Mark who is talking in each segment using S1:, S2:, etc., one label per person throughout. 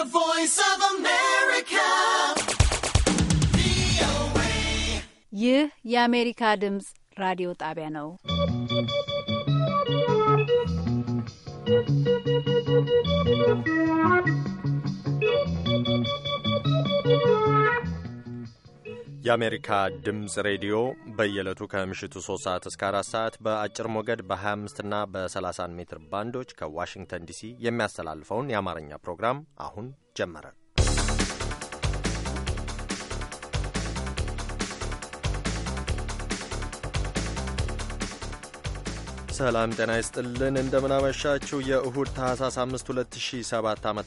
S1: The Voice of America.
S2: ይህ የአሜሪካ ድምፅ ራዲዮ ጣቢያ ነው።
S1: Thank you.
S3: የአሜሪካ ድምፅ ሬዲዮ በየዕለቱ ከምሽቱ 3 ሰዓት እስከ 4 ሰዓት በአጭር ሞገድ በ25 እና በ30 ሜትር ባንዶች ከዋሽንግተን ዲሲ የሚያስተላልፈውን የአማርኛ ፕሮግራም አሁን ጀመረ። ሰላም ጤና ይስጥልን። እንደምናመሻችው የእሁድ ታህሳስ 5 2007 ዓ ም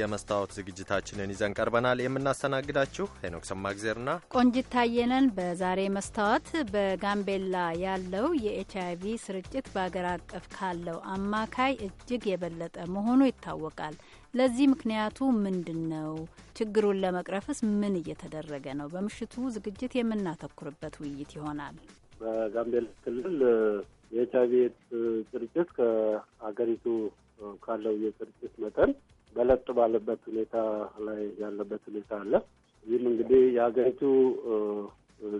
S3: የመስታወት ዝግጅታችንን ይዘን ቀርበናል። የምናስተናግዳችሁ ሄኖክ ሰማግዜርና
S2: ቆንጂት ታየነን። በዛሬ መስታወት በጋምቤላ ያለው የኤች ቪ ስርጭት በአገር አቀፍ ካለው አማካይ እጅግ የበለጠ መሆኑ ይታወቃል። ለዚህ ምክንያቱ ምንድን ነው? ችግሩን ለመቅረፍስ ምን እየተደረገ ነው? በምሽቱ ዝግጅት የምናተኩርበት ውይይት ይሆናል።
S4: በጋምቤላ ክልል የኤች አይቪ ኤድስ ስርጭት ከሀገሪቱ ካለው የስርጭት መጠን በለጥ ባለበት ሁኔታ ላይ ያለበት ሁኔታ አለ። ይህም እንግዲህ የሀገሪቱ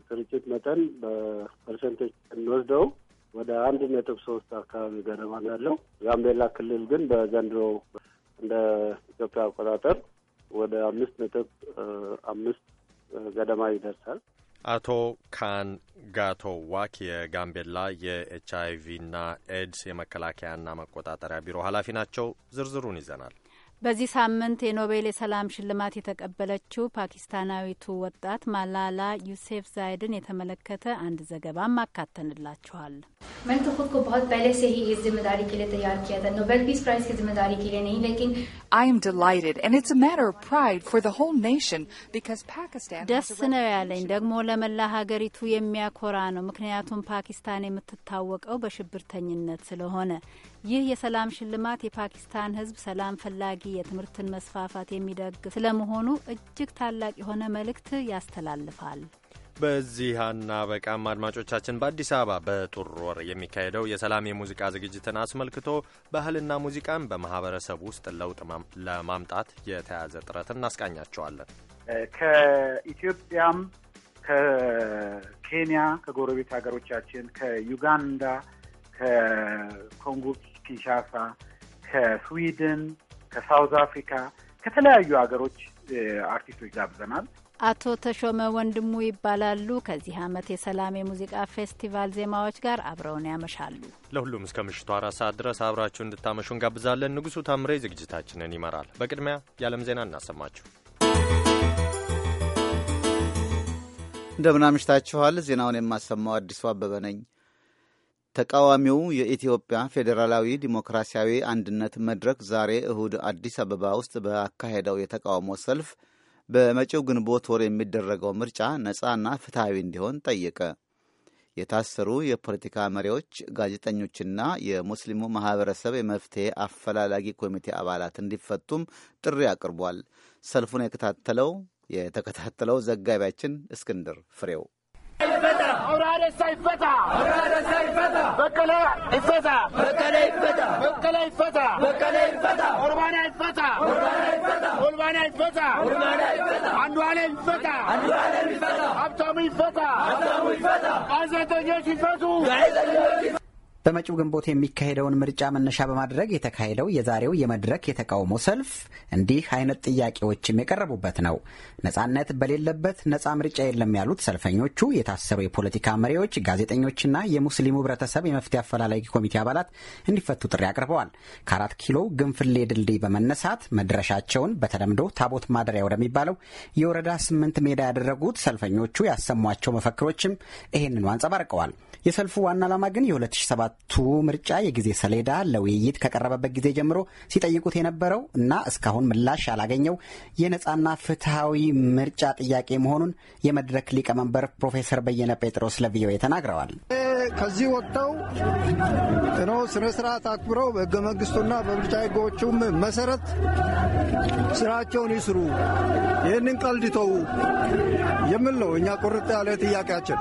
S4: ስርጭት መጠን በፐርሰንቴጅ እንወስደው ወደ አንድ ነጥብ ሶስት አካባቢ ገደማ ያለው ጋምቤላ ክልል ግን በዘንድሮ እንደ ኢትዮጵያ አቆጣጠር ወደ አምስት ነጥብ አምስት ገደማ ይደርሳል።
S3: አቶ ካን ጋቶ ዋክ የጋምቤላ የኤች አይቪና ኤድስ የመከላከያና መቆጣጠሪያ ቢሮ ኃላፊ ናቸው። ዝርዝሩን ይዘናል።
S2: በዚህ ሳምንት የኖቤል የሰላም ሽልማት የተቀበለችው ፓኪስታናዊቱ ወጣት ማላላ ዩሴፍ ዛይድን የተመለከተ አንድ ዘገባም አካተንላችኋል። ደስ ነው ያለኝ። ደግሞ ለመላ ሀገሪቱ የሚያኮራ ነው። ምክንያቱም ፓኪስታን የምትታወቀው በሽብርተኝነት ስለሆነ ይህ የሰላም ሽልማት የፓኪስታን ሕዝብ ሰላም ፈላጊ የትምህርትን መስፋፋት የሚደግፍ ስለመሆኑ እጅግ ታላቅ የሆነ መልእክት ያስተላልፋል።
S3: በዚህ አናበቃም። አድማጮቻችን፣ በአዲስ አበባ በጥር ወር የሚካሄደው የሰላም የሙዚቃ ዝግጅትን አስመልክቶ ባህልና ሙዚቃን በማህበረሰብ ውስጥ ለውጥ ለማምጣት የተያዘ ጥረት እናስቃኛቸዋለን።
S5: ከኢትዮጵያም ከኬንያ፣ ከጎረቤት ሀገሮቻችን፣ ከዩጋንዳ፣ ከኮንጎ ኪንሻሳ ከስዊድን፣ ከሳውዝ አፍሪካ ከተለያዩ ሀገሮች አርቲስቶች ጋብዘናል።
S2: አቶ ተሾመ ወንድሙ ይባላሉ። ከዚህ ዓመት የሰላም የሙዚቃ ፌስቲቫል ዜማዎች ጋር አብረውን ያመሻሉ።
S3: ለሁሉም እስከ ምሽቱ አራት ሰዓት ድረስ አብራችሁ እንድታመሹ እንጋብዛለን። ንጉሱ ታምሬ ዝግጅታችንን ይመራል። በቅድሚያ የዓለም ዜና እናሰማችሁ።
S6: እንደምናምሽታችኋል። ዜናውን የማሰማው አዲሱ አበበ ነኝ። ተቃዋሚው የኢትዮጵያ ፌዴራላዊ ዲሞክራሲያዊ አንድነት መድረክ ዛሬ እሁድ አዲስ አበባ ውስጥ በካሄደው የተቃውሞ ሰልፍ በመጪው ግንቦት ወር የሚደረገው ምርጫ ነፃና ፍትሐዊ እንዲሆን ጠየቀ። የታሰሩ የፖለቲካ መሪዎች፣ ጋዜጠኞችና የሙስሊሙ ማህበረሰብ የመፍትሄ አፈላላጊ ኮሚቴ አባላት እንዲፈቱም ጥሪ አቅርቧል። ሰልፉን የከታተለው የተከታተለው ዘጋቢያችን እስክንድር ፍሬው
S7: حرار سيفتها حرار سيفتها بكلا الفتى بكلا الفتى بكلا الفتى بكلا الفتى قربان الفتى قربان الفتى قربان الفتى قربان الفتى عنوان الفتى عنوان الفتى أبتم الفتى أبتم الفتى عزة الجيش الفتى
S8: በመጪው ግንቦት የሚካሄደውን ምርጫ መነሻ በማድረግ የተካሄደው የዛሬው የመድረክ የተቃውሞ ሰልፍ እንዲህ አይነት ጥያቄዎችም የቀረቡበት ነው። ነጻነት በሌለበት ነጻ ምርጫ የለም ያሉት ሰልፈኞቹ የታሰሩ የፖለቲካ መሪዎች፣ ጋዜጠኞችና የሙስሊሙ ህብረተሰብ የመፍትሄ አፈላላጊ ኮሚቴ አባላት እንዲፈቱ ጥሪ አቅርበዋል። ከአራት ኪሎ ግንፍሌ ድልድይ በመነሳት መድረሻቸውን በተለምዶ ታቦት ማደሪያ ወደሚባለው የወረዳ ስምንት ሜዳ ያደረጉት ሰልፈኞቹ ያሰሟቸው መፈክሮችም ይህንኑ አንጸባርቀዋል። የሰልፉ ዋና ዓላማ ግን የ2007 ሰባቱ ምርጫ የጊዜ ሰሌዳ ለውይይት ከቀረበበት ጊዜ ጀምሮ ሲጠይቁት የነበረው እና እስካሁን ምላሽ ያላገኘው የነፃና ፍትሐዊ ምርጫ ጥያቄ መሆኑን የመድረክ ሊቀመንበር ፕሮፌሰር በየነ ጴጥሮስ ለቪኦኤ ተናግረዋል።
S3: ከዚህ ወጥተው ኖ
S4: ስነ ስርዓት አክብረው በህገ መንግስቱና በምርጫ ህጎቹም መሰረት
S8: ስራቸውን ይስሩ። ይህንን ቀልድተው የምል ነው እኛ ቁርጥ ያለ ጥያቄያችን።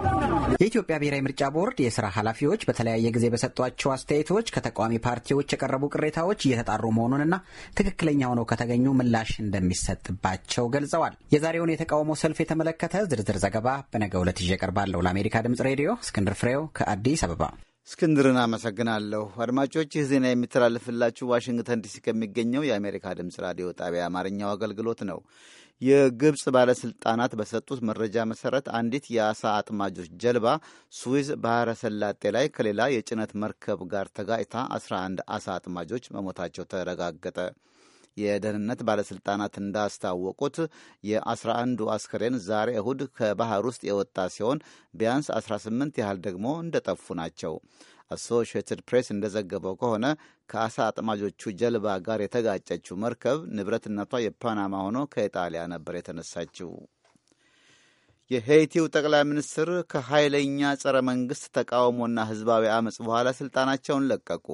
S8: የኢትዮጵያ ብሔራዊ ምርጫ ቦርድ የስራ ኃላፊዎች በተለያየ ጊዜ በሰጧቸው አስተያየቶች ከተቃዋሚ ፓርቲዎች የቀረቡ ቅሬታዎች እየተጣሩ መሆኑንና ትክክለኛ ሆነው ከተገኙ ምላሽ እንደሚሰጥባቸው ገልጸዋል። የዛሬውን የተቃውሞ ሰልፍ የተመለከተ ዝርዝር ዘገባ በነገ ዕለት ይዤ እቀርባለሁ። ለአሜሪካ ድምጽ ሬዲዮ እስክንድር ፍሬው ከ አዲስ አበባ።
S6: እስክንድርን አመሰግናለሁ። አድማጮች ይህ ዜና የሚተላለፍላችሁ ዋሽንግተን ዲሲ ከሚገኘው የአሜሪካ ድምፅ ራዲዮ ጣቢያ አማርኛው አገልግሎት ነው። የግብፅ ባለስልጣናት በሰጡት መረጃ መሰረት አንዲት የአሳ አጥማጆች ጀልባ ስዊዝ ባህረ ሰላጤ ላይ ከሌላ የጭነት መርከብ ጋር ተጋጭታ 11 አሳ አጥማጆች መሞታቸው ተረጋገጠ። የደህንነት ባለሥልጣናት እንዳስታወቁት የ11ዱ አስክሬን ዛሬ እሁድ ከባህር ውስጥ የወጣ ሲሆን ቢያንስ 18 ያህል ደግሞ እንደጠፉ ናቸው። አሶሽትድ ፕሬስ እንደዘገበው ከሆነ ከአሳ አጥማጆቹ ጀልባ ጋር የተጋጨችው መርከብ ንብረትነቷ የፓናማ ሆኖ ከኢጣሊያ ነበር የተነሳችው። የሄይቲው ጠቅላይ ሚኒስትር ከኃይለኛ ጸረ መንግሥት ተቃውሞና ሕዝባዊ አመፅ በኋላ ሥልጣናቸውን ለቀቁ።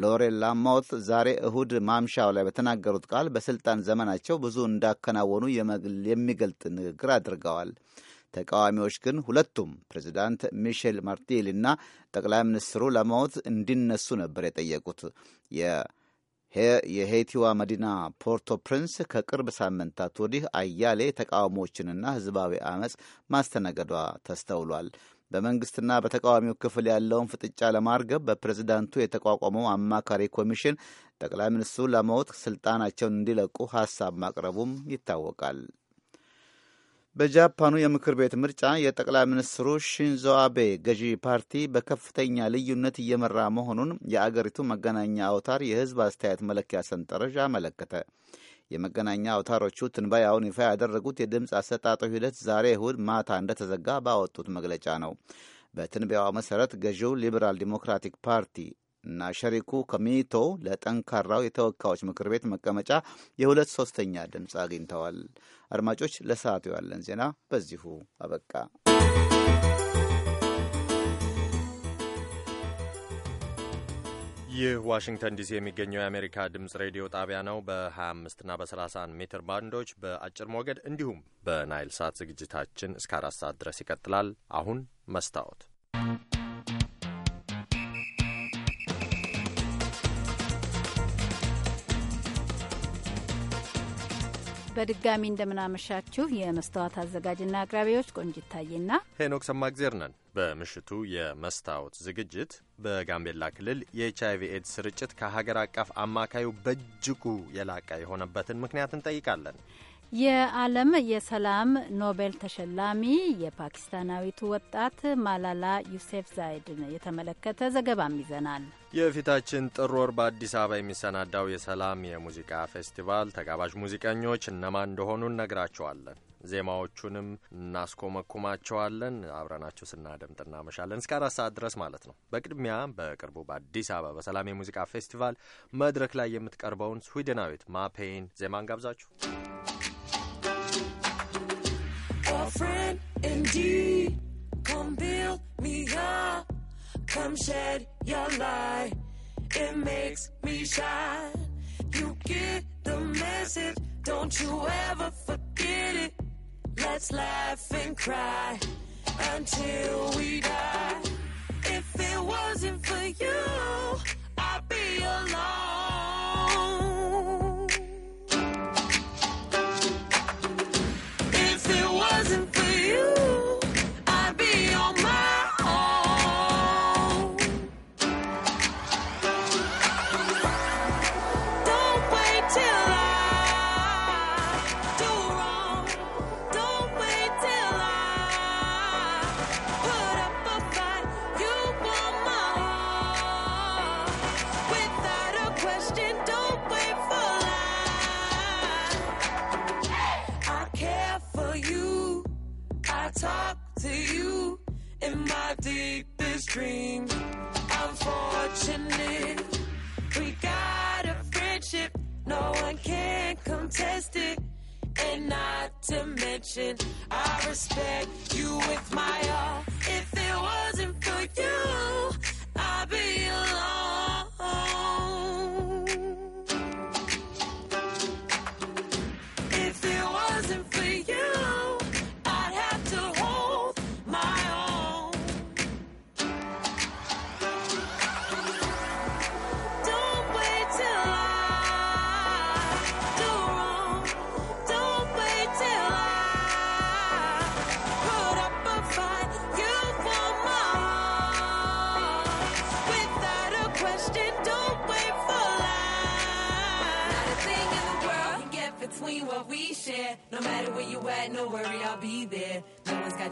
S6: ሎሬ ላሞት ዛሬ እሁድ ማምሻው ላይ በተናገሩት ቃል በስልጣን ዘመናቸው ብዙ እንዳከናወኑ የሚገልጥ ንግግር አድርገዋል። ተቃዋሚዎች ግን ሁለቱም ፕሬዚዳንት ሚሼል ማርቴል እና ጠቅላይ ሚኒስትሩ ላሞት እንዲነሱ ነበር የጠየቁት። የሄይቲዋ መዲና ፖርቶ ፕሪንስ ከቅርብ ሳምንታት ወዲህ አያሌ ተቃውሞዎችንና ህዝባዊ አመፅ ማስተናገዷ ተስተውሏል። በመንግስትና በተቃዋሚው ክፍል ያለውን ፍጥጫ ለማርገብ በፕሬዝዳንቱ የተቋቋመው አማካሪ ኮሚሽን ጠቅላይ ሚኒስትሩ ለመውት ስልጣናቸውን እንዲለቁ ሀሳብ ማቅረቡም ይታወቃል። በጃፓኑ የምክር ቤት ምርጫ የጠቅላይ ሚኒስትሩ ሺንዞ አቤ ገዢ ፓርቲ በከፍተኛ ልዩነት እየመራ መሆኑን የአገሪቱ መገናኛ አውታር የህዝብ አስተያየት መለኪያ ሰንጠረዥ አመለከተ። የመገናኛ አውታሮቹ ትንበያውን ይፋ ያደረጉት የድምፅ አሰጣጡ ሂደት ዛሬ እሁድ ማታ እንደተዘጋ ባወጡት መግለጫ ነው። በትንበያው መሠረት ገዢው ሊበራል ዲሞክራቲክ ፓርቲ እና ሸሪኩ ከሚቶ ለጠንካራው የተወካዮች ምክር ቤት መቀመጫ የሁለት ሶስተኛ ድምፅ አግኝተዋል። አድማጮች፣ ለሰዓቱ ያለን ዜና በዚሁ አበቃ።
S3: ይህ ዋሽንግተን ዲሲ የሚገኘው የአሜሪካ ድምፅ ሬዲዮ ጣቢያ ነው። በ25 እና በ31 ሜትር ባንዶች በአጭር ሞገድ እንዲሁም በናይል ሳት ዝግጅታችን እስከ አራት ሰዓት ድረስ ይቀጥላል። አሁን መስታወት
S2: በድጋሚ እንደምናመሻችሁ የመስታወት አዘጋጅና አቅራቢዎች ቆንጂት ታዬና
S3: ሄኖክ ሰማግዜር ነን። በምሽቱ የመስታወት ዝግጅት በጋምቤላ ክልል የኤች አይቪ ኤድስ ስርጭት ከሀገር አቀፍ አማካዩ በእጅጉ የላቀ የሆነበትን ምክንያት እንጠይቃለን።
S2: የዓለም የሰላም ኖቤል ተሸላሚ የፓኪስታናዊቱ ወጣት ማላላ ዩሴፍ ዛይድን የተመለከተ ዘገባም ይዘናል።
S3: የፊታችን ጥር ወር በአዲስ አበባ የሚሰናዳው የሰላም የሙዚቃ ፌስቲቫል ተጋባዥ ሙዚቀኞች እነማን እንደሆኑ እነግራቸዋለን። ዜማዎቹንም እናስኮመኩማቸዋለን። አብረናቸው ስናደምጥ እናመሻለን እስከ አራት ሰዓት ድረስ ማለት ነው። በቅድሚያ በቅርቡ በአዲስ አበባ በሰላም የሙዚቃ ፌስቲቫል መድረክ ላይ የምትቀርበውን ስዊድናዊት ማፔይን ዜማ እንጋብዛችሁ።
S9: come shed your light. It makes me shine. You get the message, don't you ever forget it. Let's laugh and cry until we die. If it wasn't for you,
S1: I'd be alone.
S9: dream. i We got a friendship, no one can contest it. And not to mention, I respect you with my all.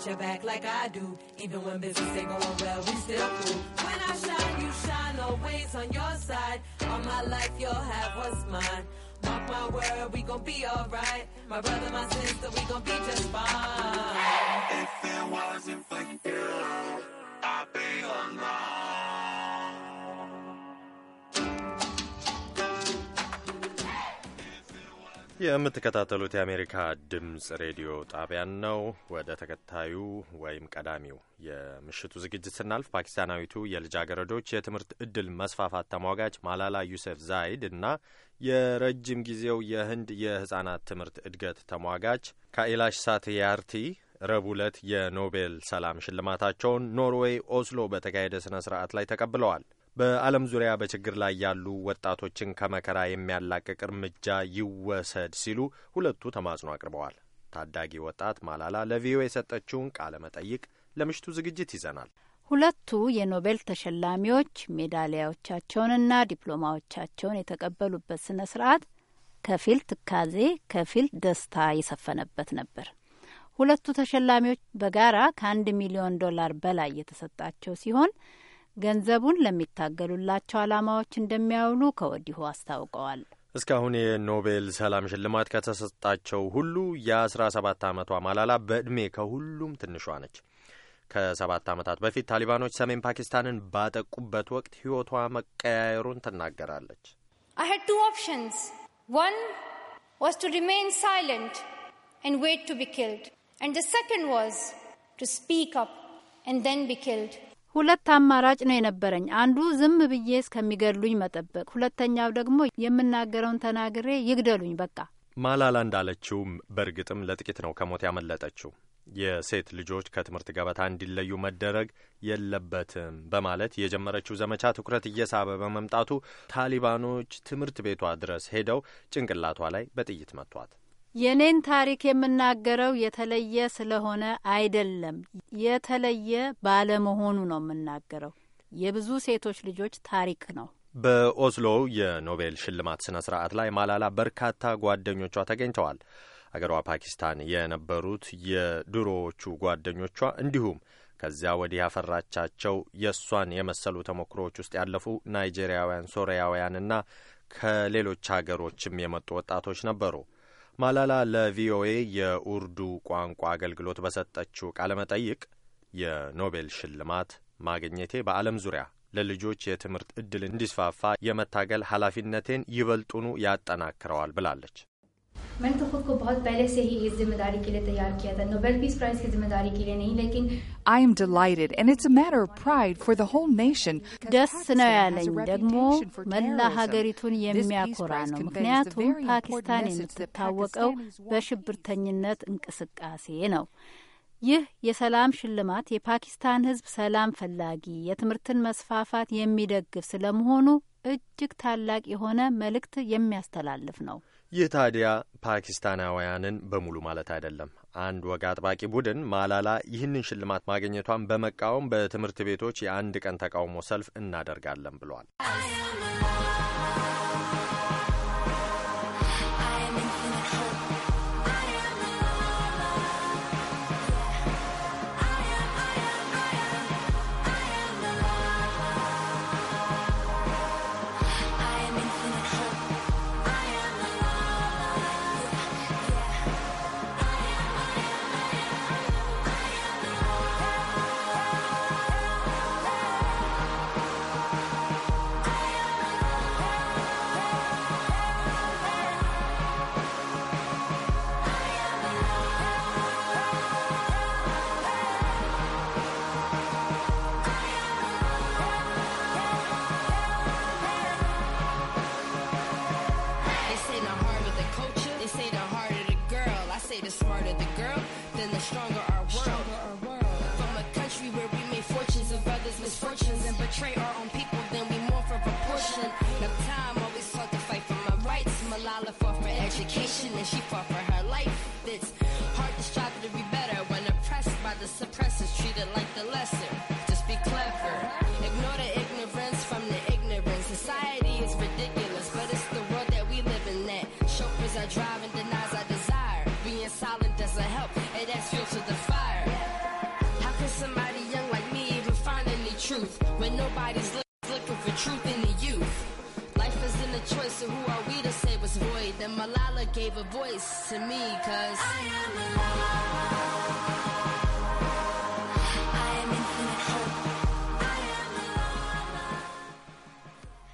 S9: got your back like I do. Even when business ain't going well, we still cool. When I shine, you shine always on your side. All my life, you'll have what's mine. Mark my word, we gon' be alright. My brother, my sister, we gon' be just fine. If it wasn't for you, I'd be alone.
S3: የምትከታተሉት የአሜሪካ ድምፅ ሬዲዮ ጣቢያን ነው። ወደ ተከታዩ ወይም ቀዳሚው የምሽቱ ዝግጅት ስናልፍ ፓኪስታናዊቱ የልጃገረዶች የትምህርት እድል መስፋፋት ተሟጋች ማላላ ዩሴፍ ዛይድ እና የረጅም ጊዜው የህንድ የህጻናት ትምህርት እድገት ተሟጋች ካኢላሽ ሳትያርቲ ረቡዕ ዕለት የኖቤል ሰላም ሽልማታቸውን ኖርዌይ ኦስሎ በተካሄደ ስነ ስርዓት ላይ ተቀብለዋል። በዓለም ዙሪያ በችግር ላይ ያሉ ወጣቶችን ከመከራ የሚያላቅቅ እርምጃ ይወሰድ ሲሉ ሁለቱ ተማጽኖ አቅርበዋል። ታዳጊ ወጣት ማላላ ለቪኦኤ የሰጠችውን ቃለ መጠይቅ ለምሽቱ ዝግጅት ይዘናል።
S2: ሁለቱ የኖቤል ተሸላሚዎች ሜዳሊያዎቻቸውንና ዲፕሎማዎቻቸውን የተቀበሉበት ስነ ስርዓት ከፊል ትካዜ፣ ከፊል ደስታ የሰፈነበት ነበር። ሁለቱ ተሸላሚዎች በጋራ ከአንድ ሚሊዮን ዶላር በላይ የተሰጣቸው ሲሆን ገንዘቡን ለሚታገሉላቸው ዓላማዎች እንደሚያውሉ ከወዲሁ አስታውቀዋል።
S3: እስካሁን የኖቤል ሰላም ሽልማት ከተሰጣቸው ሁሉ የአስራ 17 ዓመቷ ማላላ በዕድሜ ከሁሉም ትንሿ ነች። ከሰባት ዓመታት በፊት ታሊባኖች ሰሜን ፓኪስታንን ባጠቁበት ወቅት ሕይወቷ መቀያየሩን ትናገራለች።
S2: ን ሁለት አማራጭ ነው የነበረኝ። አንዱ ዝም ብዬ እስከሚገድሉኝ መጠበቅ፣ ሁለተኛው ደግሞ የምናገረውን ተናግሬ ይግደሉኝ በቃ።
S3: ማላላ እንዳለችውም በእርግጥም ለጥቂት ነው ከሞት ያመለጠችው። የሴት ልጆች ከትምህርት ገበታ እንዲለዩ መደረግ የለበትም በማለት የጀመረችው ዘመቻ ትኩረት እየሳበ በመምጣቱ ታሊባኖች ትምህርት ቤቷ ድረስ ሄደው ጭንቅላቷ ላይ በጥይት መቷት።
S2: የኔን ታሪክ የምናገረው የተለየ ስለሆነ አይደለም፣ የተለየ ባለመሆኑ ነው የምናገረው። የብዙ ሴቶች ልጆች ታሪክ ነው።
S3: በኦስሎው የኖቤል ሽልማት ስነ ስርዓት ላይ ማላላ በርካታ ጓደኞቿ ተገኝተዋል። አገሯ ፓኪስታን የነበሩት የድሮዎቹ ጓደኞቿ እንዲሁም ከዚያ ወዲህ ያፈራቻቸው የእሷን የመሰሉ ተሞክሮዎች ውስጥ ያለፉ ናይጄሪያውያን፣ ሶሪያውያንና ከሌሎች ሀገሮችም የመጡ ወጣቶች ነበሩ። ማላላ ለቪኦኤ የኡርዱ ቋንቋ አገልግሎት በሰጠችው ቃለ መጠይቅ የኖቤል ሽልማት ማግኘቴ በዓለም ዙሪያ ለልጆች የትምህርት ዕድል እንዲስፋፋ የመታገል ኃላፊነቴን ይበልጡኑ ያጠናክረዋል ብላለች።
S2: मैंने तो खुद को बहुत पहले से ही इस जिम्मेदारी के लिए तैयार किया था नोबेल पीस प्राइज की जिम्मेदारी के लिए नहीं लेकिन I am delighted and it's a matter of pride for the whole nation ደስ ነው ያለኝ ደግሞ
S5: መላ ሀገሪቱን
S2: የሚያኮራ ነው። ምክንያቱም ፓኪስታን የምትታወቀው በሽብርተኝነት እንቅስቃሴ ነው። ይህ የሰላም ሽልማት የፓኪስታን ሕዝብ ሰላም ፈላጊ የትምህርትን መስፋፋት የሚደግፍ ስለመሆኑ እጅግ ታላቅ የሆነ መልእክት የሚያስተላልፍ ነው።
S3: ይህ ታዲያ ፓኪስታናውያንን በሙሉ ማለት አይደለም። አንድ ወግ አጥባቂ ቡድን ማላላ ይህንን ሽልማት ማግኘቷን በመቃወም በትምህርት ቤቶች የአንድ ቀን ተቃውሞ ሰልፍ እናደርጋለን ብሏል።
S9: betray our own people, then we mourn for proportion. No time always sought to fight for my rights. Malala fought for education and she fought for Everybody's look, looking for truth in the youth. Life isn't a choice, so who are we to say what's void? Then Malala gave a voice to me, cause I am Malala.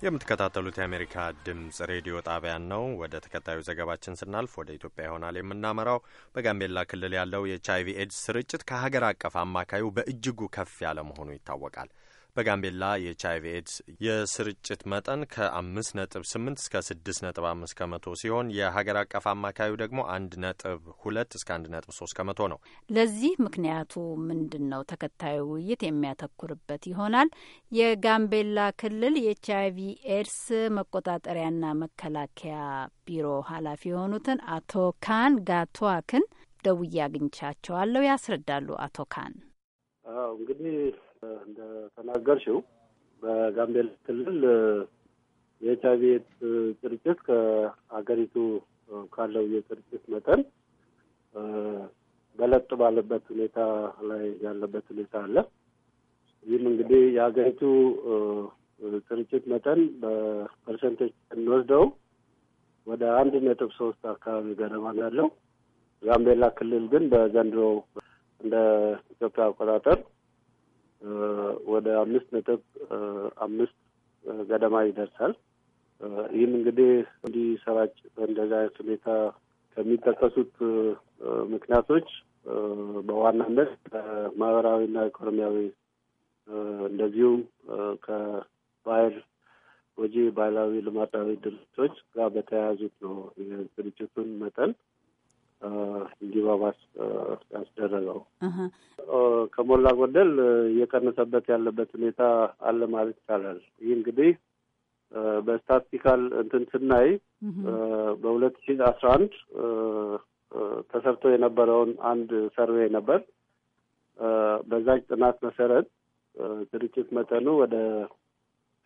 S3: የምትከታተሉት የአሜሪካ ድምጽ ሬዲዮ ጣቢያን ነው። ወደ ተከታዩ ዘገባችን ስናልፍ ወደ ኢትዮጵያ ይሆናል የምናመራው። በጋምቤላ ክልል ያለው የኤች አይቪ ኤድስ ስርጭት ከሀገር አቀፍ አማካዩ በእጅጉ ከፍ ያለ መሆኑ ይታወቃል። በጋምቤላ የኤች አይቪ ኤድስ የስርጭት መጠን ከ አምስት ነጥብ ስምንት እስከ ስድስት ነጥብ አምስት ከመቶ ሲሆን የሀገር አቀፍ አማካዩ ደግሞ አንድ ነጥብ ሁለት እስከ አንድ ነጥብ ሶስት ከመቶ ነው።
S2: ለዚህ ምክንያቱ ምንድን ነው? ተከታዩ ውይይት የሚያተኩርበት ይሆናል። የጋምቤላ ክልል የኤች አይቪ ኤድስ መቆጣጠሪያና መከላከያ ቢሮ ኃላፊ የሆኑትን አቶ ካን ጋቷክን ደውዬ አግኝቻቸዋለሁ። ያስረዳሉ። አቶ ካን
S4: እንግዲህ እንደተናገርሽው በጋምቤላ ክልል የኤች አይቪ ኤድስ ስርጭት ከሀገሪቱ ካለው የስርጭት መጠን በለጥ ባለበት ሁኔታ ላይ ያለበት ሁኔታ አለ። ይህም እንግዲህ የሀገሪቱ ስርጭት መጠን በፐርሰንቴጅ እንወስደው ወደ አንድ ነጥብ ሶስት አካባቢ ገደማ ያለው። ጋምቤላ ክልል ግን በዘንድሮ እንደ ኢትዮጵያ አቆጣጠር ወደ አምስት ነጥብ አምስት ገደማ ይደርሳል። ይህም እንግዲህ እንዲሰራጭ በእንደዚህ አይነት ሁኔታ ከሚጠቀሱት ምክንያቶች በዋናነት ከማህበራዊና ኢኮኖሚያዊ እንደዚሁም ከባህል ወጂ ባህላዊ ልማዳዊ ድርጅቶች ጋር በተያያዙት ነው የድርጅቱን መጠን እንዲባባስ ያስደረገው። ከሞላ ጎደል እየቀነሰበት ያለበት ሁኔታ አለ ማለት ይቻላል። ይህ እንግዲህ በስታቲካል እንትን ስናይ በሁለት ሺ አስራ አንድ ተሰርቶ የነበረውን አንድ ሰርቬይ ነበር። በዛች ጥናት መሰረት ስርጭት መጠኑ ወደ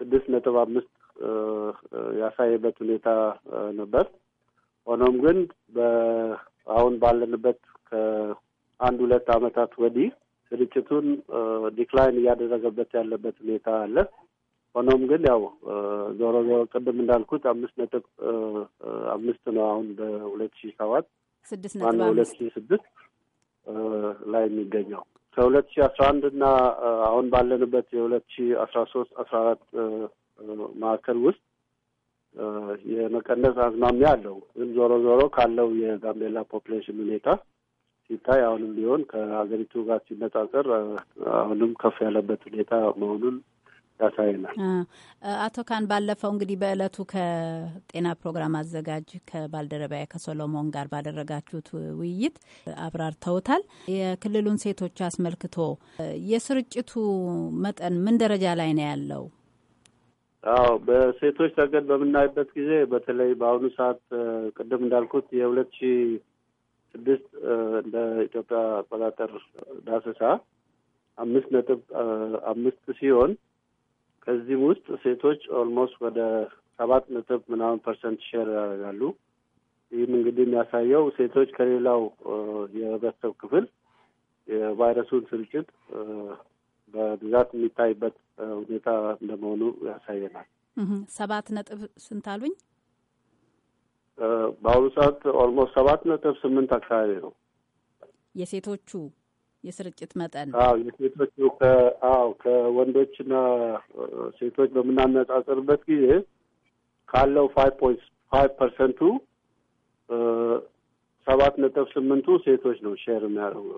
S4: ስድስት ነጥብ አምስት ያሳየበት ሁኔታ ነበር። ሆኖም ግን አሁን ባለንበት ከአንድ ሁለት ዓመታት ወዲህ ስርጭቱን ዲክላይን እያደረገበት ያለበት ሁኔታ አለ። ሆኖም ግን ያው ዞሮ ዞሮ ቅድም እንዳልኩት አምስት ነጥብ አምስት ነው አሁን በሁለት ሺ ሰባት
S2: ስድስት ሁለት
S4: ሺ ስድስት ላይ የሚገኘው ከሁለት ሺ አስራ አንድ እና አሁን ባለንበት የሁለት ሺ አስራ ሶስት አስራ አራት ማዕከል ውስጥ የመቀነስ አዝማሚያ አለው። ግን ዞሮ ዞሮ ካለው የጋምቤላ ፖፕሌሽን ሁኔታ ሲታይ አሁንም ቢሆን ከሀገሪቱ ጋር ሲነጻጸር አሁንም ከፍ ያለበት ሁኔታ መሆኑን ያሳይናል።
S2: አቶ ካን ባለፈው እንግዲህ በእለቱ ከጤና ፕሮግራም አዘጋጅ ከባልደረባ ከሶሎሞን ጋር ባደረጋችሁት ውይይት አብራርተውታል። የክልሉን ሴቶች አስመልክቶ የስርጭቱ መጠን ምን ደረጃ ላይ ነው ያለው?
S4: አዎ በሴቶች ረገድ በምናይበት ጊዜ በተለይ በአሁኑ ሰዓት ቅድም እንዳልኩት የሁለት ሺ ስድስት እንደ ኢትዮጵያ አቆጣጠር ዳሰሳ አምስት ነጥብ አምስት ሲሆን ከዚህም ውስጥ ሴቶች ኦልሞስት ወደ ሰባት ነጥብ ምናምን ፐርሰንት ሼር ያደርጋሉ። ይህም እንግዲህ የሚያሳየው ሴቶች ከሌላው የህብረተሰብ ክፍል የቫይረሱን ስርጭት በብዛት የሚታይበት ሁኔታ እንደመሆኑ ያሳየናል።
S2: ሰባት ነጥብ ስንት አሉኝ?
S4: በአሁኑ ሰዓት ኦልሞስት ሰባት ነጥብ ስምንት አካባቢ ነው
S2: የሴቶቹ የስርጭት መጠን። አዎ
S4: የሴቶቹ አዎ ከወንዶችና ሴቶች በምናነጻጽርበት ጊዜ ካለው ፋይቭ ፖይንት ፋይቭ ፐርሰንቱ ሰባት ነጥብ ስምንቱ ሴቶች ነው ሼር የሚያደርጉ።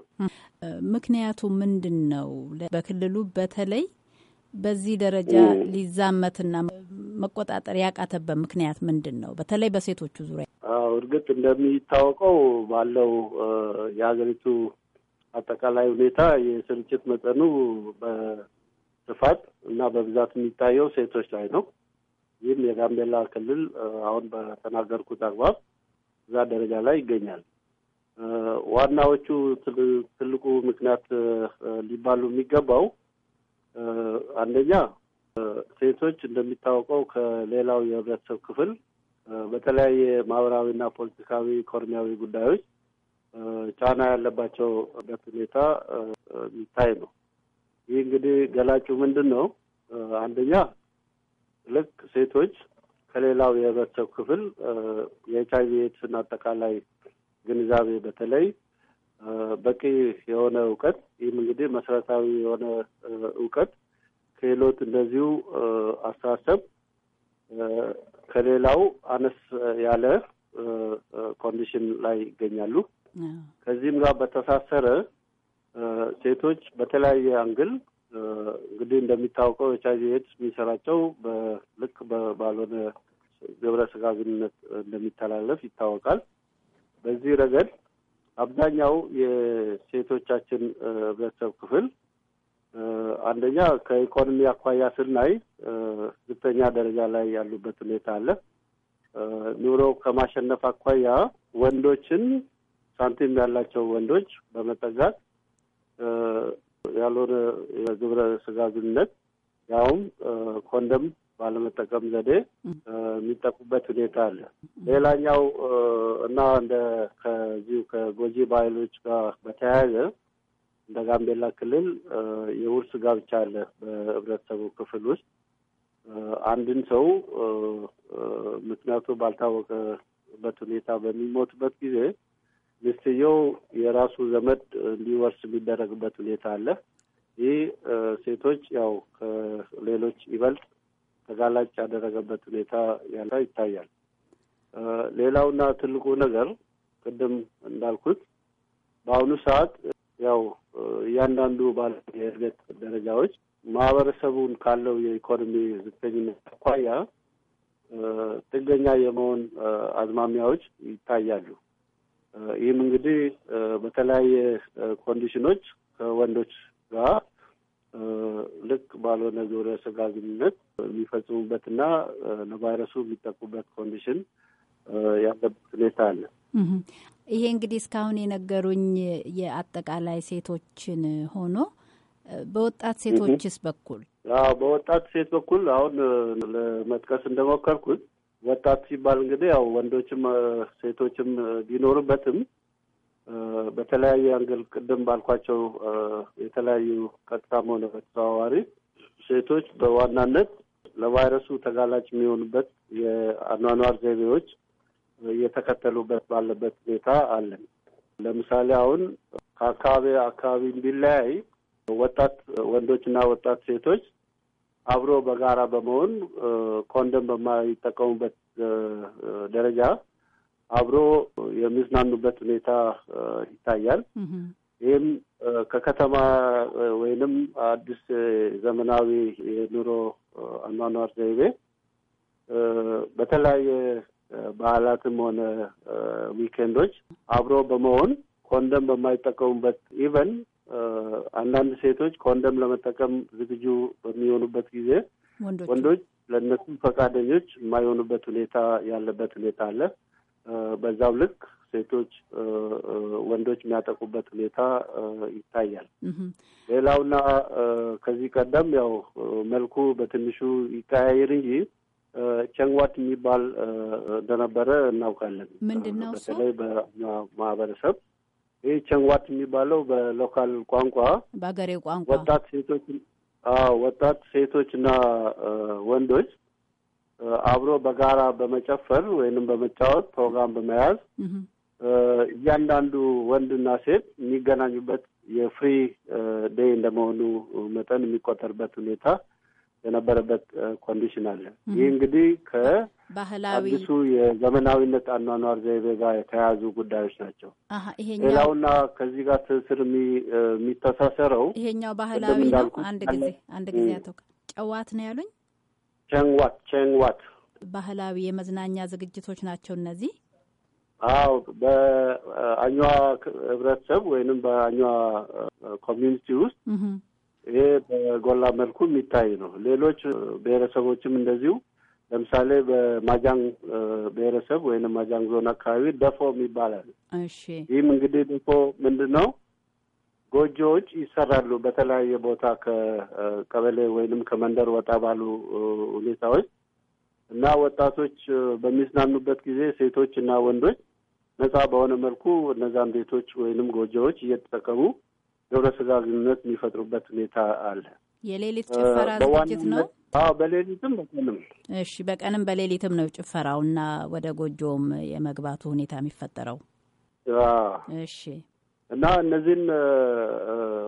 S2: ምክንያቱ ምንድን ነው? በክልሉ በተለይ በዚህ ደረጃ ሊዛመትና መቆጣጠር ያቃተበት ምክንያት ምንድን ነው? በተለይ በሴቶቹ ዙሪያ።
S4: አዎ እርግጥ እንደሚታወቀው ባለው የሀገሪቱ አጠቃላይ ሁኔታ የስርጭት መጠኑ በስፋት እና በብዛት የሚታየው ሴቶች ላይ ነው። ይህም የጋምቤላ ክልል አሁን በተናገርኩት አግባብ እዛ ደረጃ ላይ ይገኛል። ዋናዎቹ ትልቁ ምክንያት ሊባሉ የሚገባው አንደኛ ሴቶች እንደሚታወቀው ከሌላው የህብረተሰብ ክፍል በተለያየ ማህበራዊና ፖለቲካዊ፣ ኢኮኖሚያዊ ጉዳዮች ጫና ያለባቸውበት ሁኔታ የሚታይ ነው። ይህ እንግዲህ ገላጩ ምንድን ነው? አንደኛ ልክ ሴቶች ከሌላው የህብረተሰብ ክፍል የኤች አይቪ ኤድስን አጠቃላይ ግንዛቤ በተለይ በቂ የሆነ እውቀት ይህም እንግዲህ መሰረታዊ የሆነ እውቀት ክህሎት፣ እንደዚሁ አስተሳሰብ ከሌላው አነስ ያለ ኮንዲሽን ላይ ይገኛሉ። ከዚህም ጋር በተሳሰረ ሴቶች በተለያየ አንግል እንግዲህ እንደሚታወቀው ኤች ኤድስ የሚሰራቸው በልክ ባልሆነ ግብረ ስጋ ግንኙነት እንደሚተላለፍ ይታወቃል። በዚህ ረገድ አብዛኛው የሴቶቻችን ህብረተሰብ ክፍል አንደኛ ከኢኮኖሚ አኳያ ስናይ ዝቅተኛ ደረጃ ላይ ያሉበት ሁኔታ አለ። ኑሮ ከማሸነፍ አኳያ ወንዶችን ሳንቲም ያላቸው ወንዶች በመጠጋት ያልሆነ የግብረ ስጋ ግንኙነት ያውም ኮንደም ባለመጠቀም ዘዴ የሚጠቁበት ሁኔታ አለ። ሌላኛው እና እንደ ከዚሁ ከጎጂ ባህሎች ጋር በተያያዘ እንደ ጋምቤላ ክልል የውርስ ጋብቻ አለ። በህብረተሰቡ ክፍል ውስጥ አንድን ሰው ምክንያቱ ባልታወቀበት ሁኔታ በሚሞትበት ጊዜ ሚስትየው የራሱ ዘመድ እንዲወርስ የሚደረግበት ሁኔታ አለ። ይህ ሴቶች ያው ከሌሎች ይበልጥ ተጋላጭ ያደረገበት ሁኔታ ያለ ይታያል። ሌላውና ትልቁ ነገር ቅድም እንዳልኩት በአሁኑ ሰዓት ያው እያንዳንዱ ባለ የእድገት ደረጃዎች ማህበረሰቡን ካለው የኢኮኖሚ ዝቅተኝነት አኳያ ጥገኛ የመሆን አዝማሚያዎች ይታያሉ። ይህም እንግዲህ በተለያየ ኮንዲሽኖች ከወንዶች ጋር ልክ ባልሆነ ግብረ ስጋ ግንኙነት የሚፈጽሙበትና ለቫይረሱ የሚጠቁበት ኮንዲሽን ያለበት ሁኔታ አለ።
S2: ይሄ እንግዲህ እስካሁን የነገሩኝ የአጠቃላይ ሴቶችን ሆኖ በወጣት ሴቶችስ በኩል
S4: በወጣት ሴት በኩል አሁን ለመጥቀስ እንደሞከርኩት ወጣት ሲባል እንግዲህ ያው ወንዶችም ሴቶችም ቢኖሩበትም በተለያየ አንግል ቅድም ባልኳቸው የተለያዩ ቀጥታም ሆነ በተዘዋዋሪ ሴቶች በዋናነት ለቫይረሱ ተጋላጭ የሚሆኑበት የአኗኗር ዘይቤዎች እየተከተሉበት ባለበት ሁኔታ አለን። ለምሳሌ አሁን ከአካባቢ አካባቢ ቢለያይ ወጣት ወንዶችና ወጣት ሴቶች አብሮ በጋራ በመሆን ኮንደም በማይጠቀሙበት ደረጃ አብሮ የሚዝናኑበት ሁኔታ ይታያል። ይህም ከከተማ ወይንም አዲስ ዘመናዊ የኑሮ አኗኗር ዘይቤ በተለያየ ባህላትም ሆነ ዊኬንዶች አብሮ በመሆን ኮንደም በማይጠቀሙበት ኢቨን አንዳንድ ሴቶች ኮንደም ለመጠቀም ዝግጁ በሚሆኑበት ጊዜ ወንዶች ለእነሱ ፈቃደኞች የማይሆኑበት ሁኔታ ያለበት ሁኔታ አለ። በዛው ልክ ሴቶች ወንዶች የሚያጠቁበት ሁኔታ ይታያል። ሌላውና ከዚህ ቀደም ያው መልኩ በትንሹ ይቀያየር እንጂ ቸንዋት የሚባል እንደነበረ እናውቃለን።
S2: ምንድን ነው በተለይ
S4: ማህበረሰብ ይህ ቸንዋት የሚባለው በሎካል ቋንቋ
S2: በአገሬ ቋንቋ
S4: ወጣት ሴቶች ወጣት ሴቶችና ወንዶች አብሮ በጋራ በመጨፈር ወይንም በመጫወት ፕሮግራም በመያዝ እያንዳንዱ ወንድና ሴት የሚገናኙበት የፍሪ ዴይ እንደመሆኑ መጠን የሚቆጠርበት ሁኔታ የነበረበት ኮንዲሽን አለ። ይህ እንግዲህ
S2: ከባህላዊ አዲሱ
S4: የዘመናዊነት አኗኗር ዘይቤ ጋር የተያያዙ ጉዳዮች ናቸው። ሌላውና ከዚህ ጋር ትስስር የሚተሳሰረው
S2: ይሄኛው ባህላዊ ነው። አንድ ጊዜ አንድ ጊዜ አቶ ጨዋት ነው ያሉኝ
S4: ቸንዋት ቸንዋት
S2: ባህላዊ የመዝናኛ ዝግጅቶች ናቸው እነዚህ።
S4: አው በአኛ ህብረተሰብ ወይንም በአኛ ኮሚዩኒቲ ውስጥ ይሄ በጎላ መልኩ የሚታይ ነው። ሌሎች ብሔረሰቦችም እንደዚሁ ለምሳሌ በማጃንግ ብሔረሰብ ወይም ማጃንግ ዞን አካባቢ ደፎ ይባላል እሺ ይህም እንግዲህ ደፎ ምንድን ነው? ጎጆዎች ይሰራሉ። በተለያየ ቦታ ከቀበሌ ወይንም ከመንደር ወጣ ባሉ ሁኔታዎች እና ወጣቶች በሚዝናኑበት ጊዜ ሴቶች እና ወንዶች ነጻ በሆነ መልኩ እነዛን ቤቶች ወይንም ጎጆዎች እየተጠቀሙ ግብረ ስጋ ግንኙነት የሚፈጥሩበት ሁኔታ አለ። የሌሊት ጭፈራ ዝግጅት ነው። አዎ፣ በሌሊትም በቀንም።
S2: እሺ፣ በቀንም በሌሊትም ነው ጭፈራው እና ወደ ጎጆውም የመግባቱ ሁኔታ የሚፈጠረው።
S4: እሺ እና እነዚህን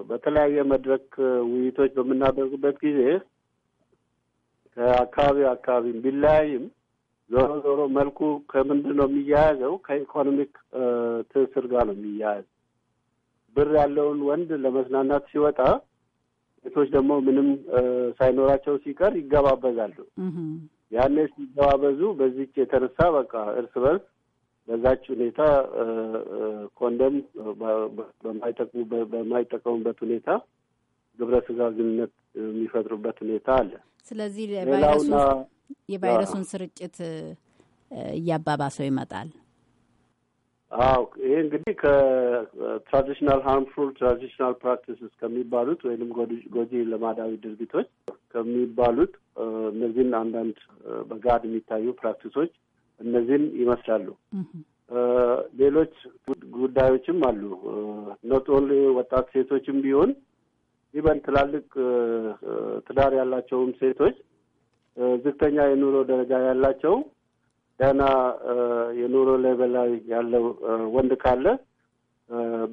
S4: በተለያየ መድረክ ውይይቶች በምናደርጉበት ጊዜ ከአካባቢ አካባቢ ቢለያይም ዞሮ ዞሮ መልኩ ከምንድን ነው የሚያያዘው? ከኢኮኖሚክ ትስስር ጋር ነው የሚያያዘው። ብር ያለውን ወንድ ለመዝናናት ሲወጣ ሴቶች ደግሞ ምንም ሳይኖራቸው ሲቀር ይገባበዛሉ። ያኔ ሲገባበዙ በዚች የተነሳ በቃ እርስ በርስ በዛች ሁኔታ ኮንደም በማይጠቀሙበት ሁኔታ ግብረ ስጋ ግንኙነት የሚፈጥሩበት ሁኔታ አለ። ስለዚህ የቫይረሱን
S2: ስርጭት እያባባሰው ይመጣል።
S4: አዎ ይሄ እንግዲህ ከትራዲሽናል ሃርምፉል ትራዲሽናል ፕራክቲስስ ከሚባሉት ወይንም ጎጂ ልማዳዊ ድርጊቶች ከሚባሉት እነዚህን አንዳንድ በጋድ የሚታዩ ፕራክቲሶች እነዚህም ይመስላሉ። ሌሎች ጉዳዮችም አሉ። ኖት ኦንሊ ወጣት ሴቶችም ቢሆን ይበን ትላልቅ ትዳር ያላቸውም ሴቶች ዝቅተኛ የኑሮ ደረጃ ያላቸው ደህና የኑሮ ሌቨል ላይ ያለው ወንድ ካለ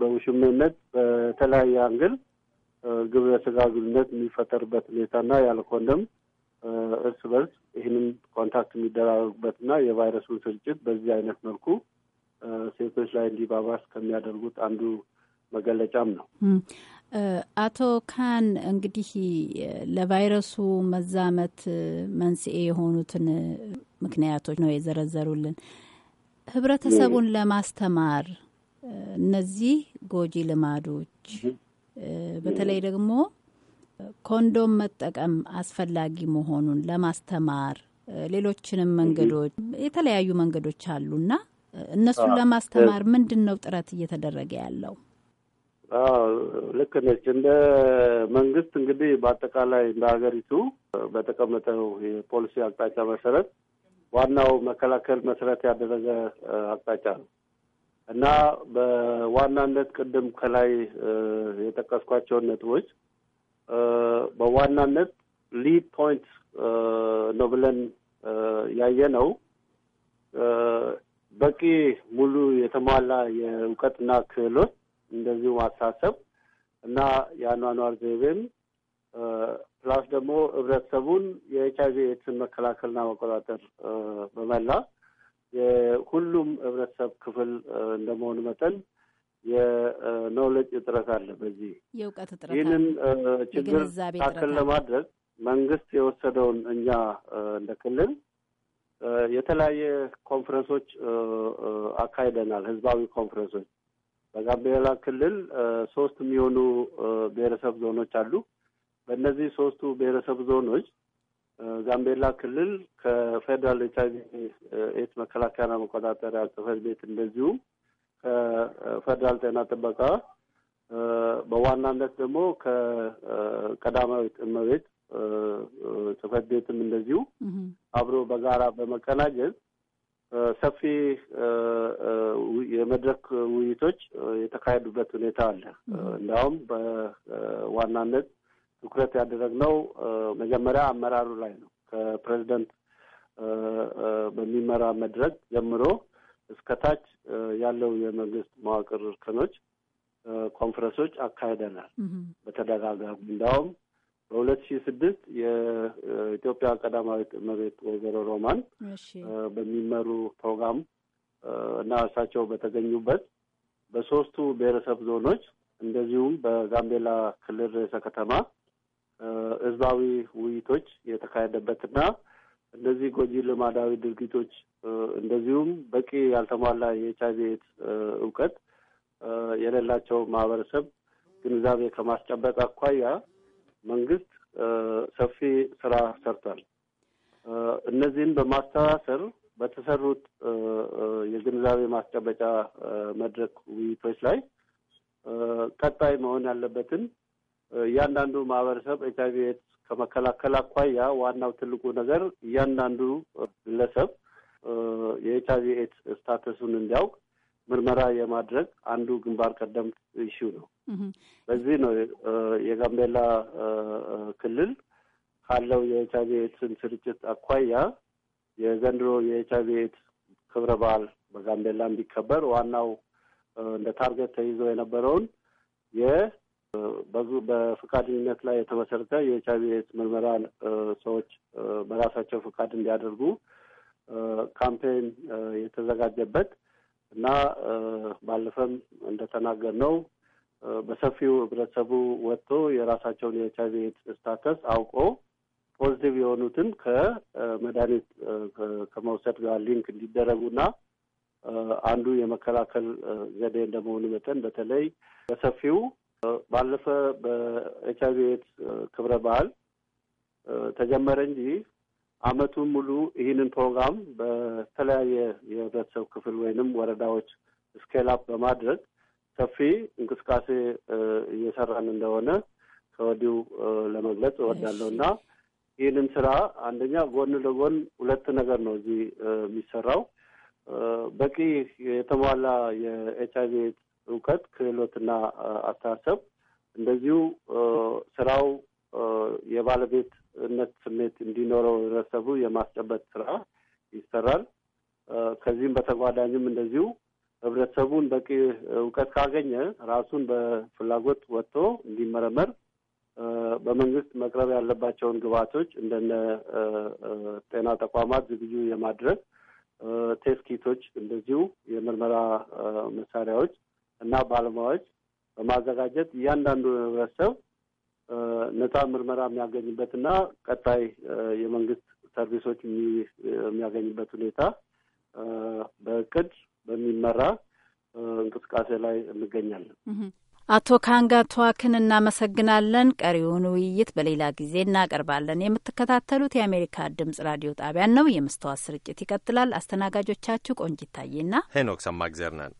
S4: በውሽምነት በተለያየ አንግል ግብረ ስጋ ግንኙነት የሚፈጠርበት ሁኔታና ያለ ኮንደም እርስ በርስ ይህንን ኮንታክት የሚደራረጉበትና የቫይረሱን ስርጭት በዚህ አይነት መልኩ ሴቶች ላይ እንዲባባስ ከሚያደርጉት አንዱ መገለጫም ነው።
S2: አቶ ካን እንግዲህ ለቫይረሱ መዛመት መንስኤ የሆኑትን ምክንያቶች ነው የዘረዘሩልን። ህብረተሰቡን ለማስተማር እነዚህ ጎጂ ልማዶች በተለይ ደግሞ ኮንዶም መጠቀም አስፈላጊ መሆኑን ለማስተማር ሌሎችንም መንገዶች የተለያዩ መንገዶች አሉና
S4: እነሱን ለማስተማር
S2: ምንድን ነው ጥረት እየተደረገ ያለው?
S4: ልክ ነች። እንደ መንግስት እንግዲህ በአጠቃላይ እንደ ሀገሪቱ በተቀመጠው የፖሊሲ አቅጣጫ መሰረት ዋናው መከላከል መሰረት ያደረገ አቅጣጫ ነው እና በዋናነት ቅድም ከላይ የጠቀስኳቸውን ነጥቦች በዋናነት ሊድ ፖይንት ነው ብለን ያየ ነው። በቂ ሙሉ የተሟላ የእውቀትና ክህሎት እንደዚሁ ማሳሰብ እና የአኗኗር ዘይቤም ፕላስ ደግሞ ህብረተሰቡን የኤች ኤድስን መከላከልና መቆጣጠር በመላ የሁሉም ህብረተሰብ ክፍል እንደመሆኑ መጠን የኖውሌጅ እጥረት አለ። በዚህ
S2: የእውቀት እጥረት ይህንን
S4: ችግር ታክል ለማድረግ መንግስት የወሰደውን እኛ እንደ ክልል የተለያየ ኮንፈረንሶች አካሂደናል። ህዝባዊ ኮንፈረንሶች በጋምቤላ ክልል ሶስት የሚሆኑ ብሔረሰብ ዞኖች አሉ። በእነዚህ ሶስቱ ብሔረሰብ ዞኖች ጋምቤላ ክልል ከፌዴራል ኤች አይ ቪ ኤድስ መከላከያና መቆጣጠሪያ ጽህፈት ቤት እንደዚሁም ከፌደራል ጤና ጥበቃ በዋናነት ደግሞ ከቀዳማዊት እመቤት ጽህፈት ቤትም እንደዚሁ አብሮ በጋራ በመቀናጀት ሰፊ የመድረክ ውይይቶች የተካሄዱበት ሁኔታ አለ። እንዲያውም በዋናነት ትኩረት ያደረግነው መጀመሪያ አመራሩ ላይ ነው። ከፕሬዚደንት በሚመራ መድረክ ጀምሮ እስከ ታች ያለው የመንግስት መዋቅር እርከኖች ኮንፈረንሶች አካሂደናል በተደጋጋሚ እንዲያውም በሁለት ሺህ ስድስት የኢትዮጵያ ቀዳማዊት እመቤት ወይዘሮ ሮማን በሚመሩ ፕሮግራም እና እሳቸው በተገኙበት በሶስቱ ብሔረሰብ ዞኖች እንደዚሁም በጋምቤላ ክልል ርዕሰ ከተማ ህዝባዊ ውይይቶች የተካሄደበትና እነዚህ ጎጂ ልማዳዊ ድርጊቶች እንደዚሁም በቂ ያልተሟላ የኤች አይቪ ኤድስ እውቀት የሌላቸው ማህበረሰብ ግንዛቤ ከማስጨበጥ አኳያ መንግስት ሰፊ ስራ ሰርቷል። እነዚህን በማስተሳሰር በተሰሩት የግንዛቤ ማስጨበጫ መድረክ ውይይቶች ላይ ቀጣይ መሆን ያለበትን እያንዳንዱ ማህበረሰብ ኤች አይቪ ኤድስ ከመከላከል አኳያ ዋናው ትልቁ ነገር እያንዳንዱ ግለሰብ የኤች አይቪ ኤድስ ስታተሱን እንዲያውቅ ምርመራ የማድረግ አንዱ ግንባር ቀደም ኢሹ ነው። በዚህ ነው የጋምቤላ ክልል ካለው የኤች አይቪ ኤድስን ስርጭት አኳያ የዘንድሮ የኤች አይቪ ኤድስ ክብረ በዓል በጋምቤላ እንዲከበር ዋናው እንደ ታርጌት ተይዞ የነበረውን በፍቃደኝነት ላይ የተመሰረተ የኤች አይቪ ኤድስ ምርመራ ሰዎች በራሳቸው ፍቃድ እንዲያደርጉ ካምፔን የተዘጋጀበት እና ባለፈም እንደተናገር ነው። በሰፊው ህብረተሰቡ ወጥቶ የራሳቸውን የኤች አይቪ ኤድስ ስታተስ አውቆ ፖዚቲቭ የሆኑትን ከመድኃኒት ከመውሰድ ጋር ሊንክ እንዲደረጉና አንዱ የመከላከል ዘዴ እንደመሆኑ መጠን በተለይ በሰፊው ባለፈ በኤች አይቪ ኤድስ ክብረ በዓል ተጀመረ እንጂ አመቱን ሙሉ ይህንን ፕሮግራም በተለያየ የህብረተሰብ ክፍል ወይንም ወረዳዎች ስኬል አፕ በማድረግ ሰፊ እንቅስቃሴ እየሰራን እንደሆነ ከወዲሁ ለመግለጽ እወዳለሁ እና ይህንን ስራ አንደኛ ጎን ለጎን ሁለት ነገር ነው እዚህ የሚሰራው። በቂ የተሟላ የኤች አይቪ ኤድስ እውቀት፣ ክህሎትና አስተሳሰብ እንደዚሁ ስራው የባለቤትነት ስሜት እንዲኖረው ህብረተሰቡ የማስጨበጥ ስራ ይሰራል። ከዚህም በተጓዳኝም እንደዚሁ ህብረተሰቡን በቂ እውቀት ካገኘ ራሱን በፍላጎት ወጥቶ እንዲመረመር በመንግስት መቅረብ ያለባቸውን ግብዓቶች እንደነ ጤና ተቋማት ዝግጁ የማድረግ ቴስኪቶች፣ እንደዚሁ የምርመራ መሳሪያዎች እና ባለሙያዎች በማዘጋጀት እያንዳንዱ ህብረተሰብ ነፃ ምርመራ የሚያገኝበትና ቀጣይ የመንግስት ሰርቪሶች የሚያገኝበት ሁኔታ በእቅድ በሚመራ እንቅስቃሴ ላይ እንገኛለን።
S2: አቶ ካንጋ ተዋክን እናመሰግናለን። ቀሪውን ውይይት በሌላ ጊዜ እናቀርባለን። የምትከታተሉት የአሜሪካ ድምጽ ራዲዮ ጣቢያን ነው። የመስተዋት ስርጭት ይቀጥላል። አስተናጋጆቻችሁ ቆንጂት ታዬና
S3: ሄኖክ ሰማግዜር ነን።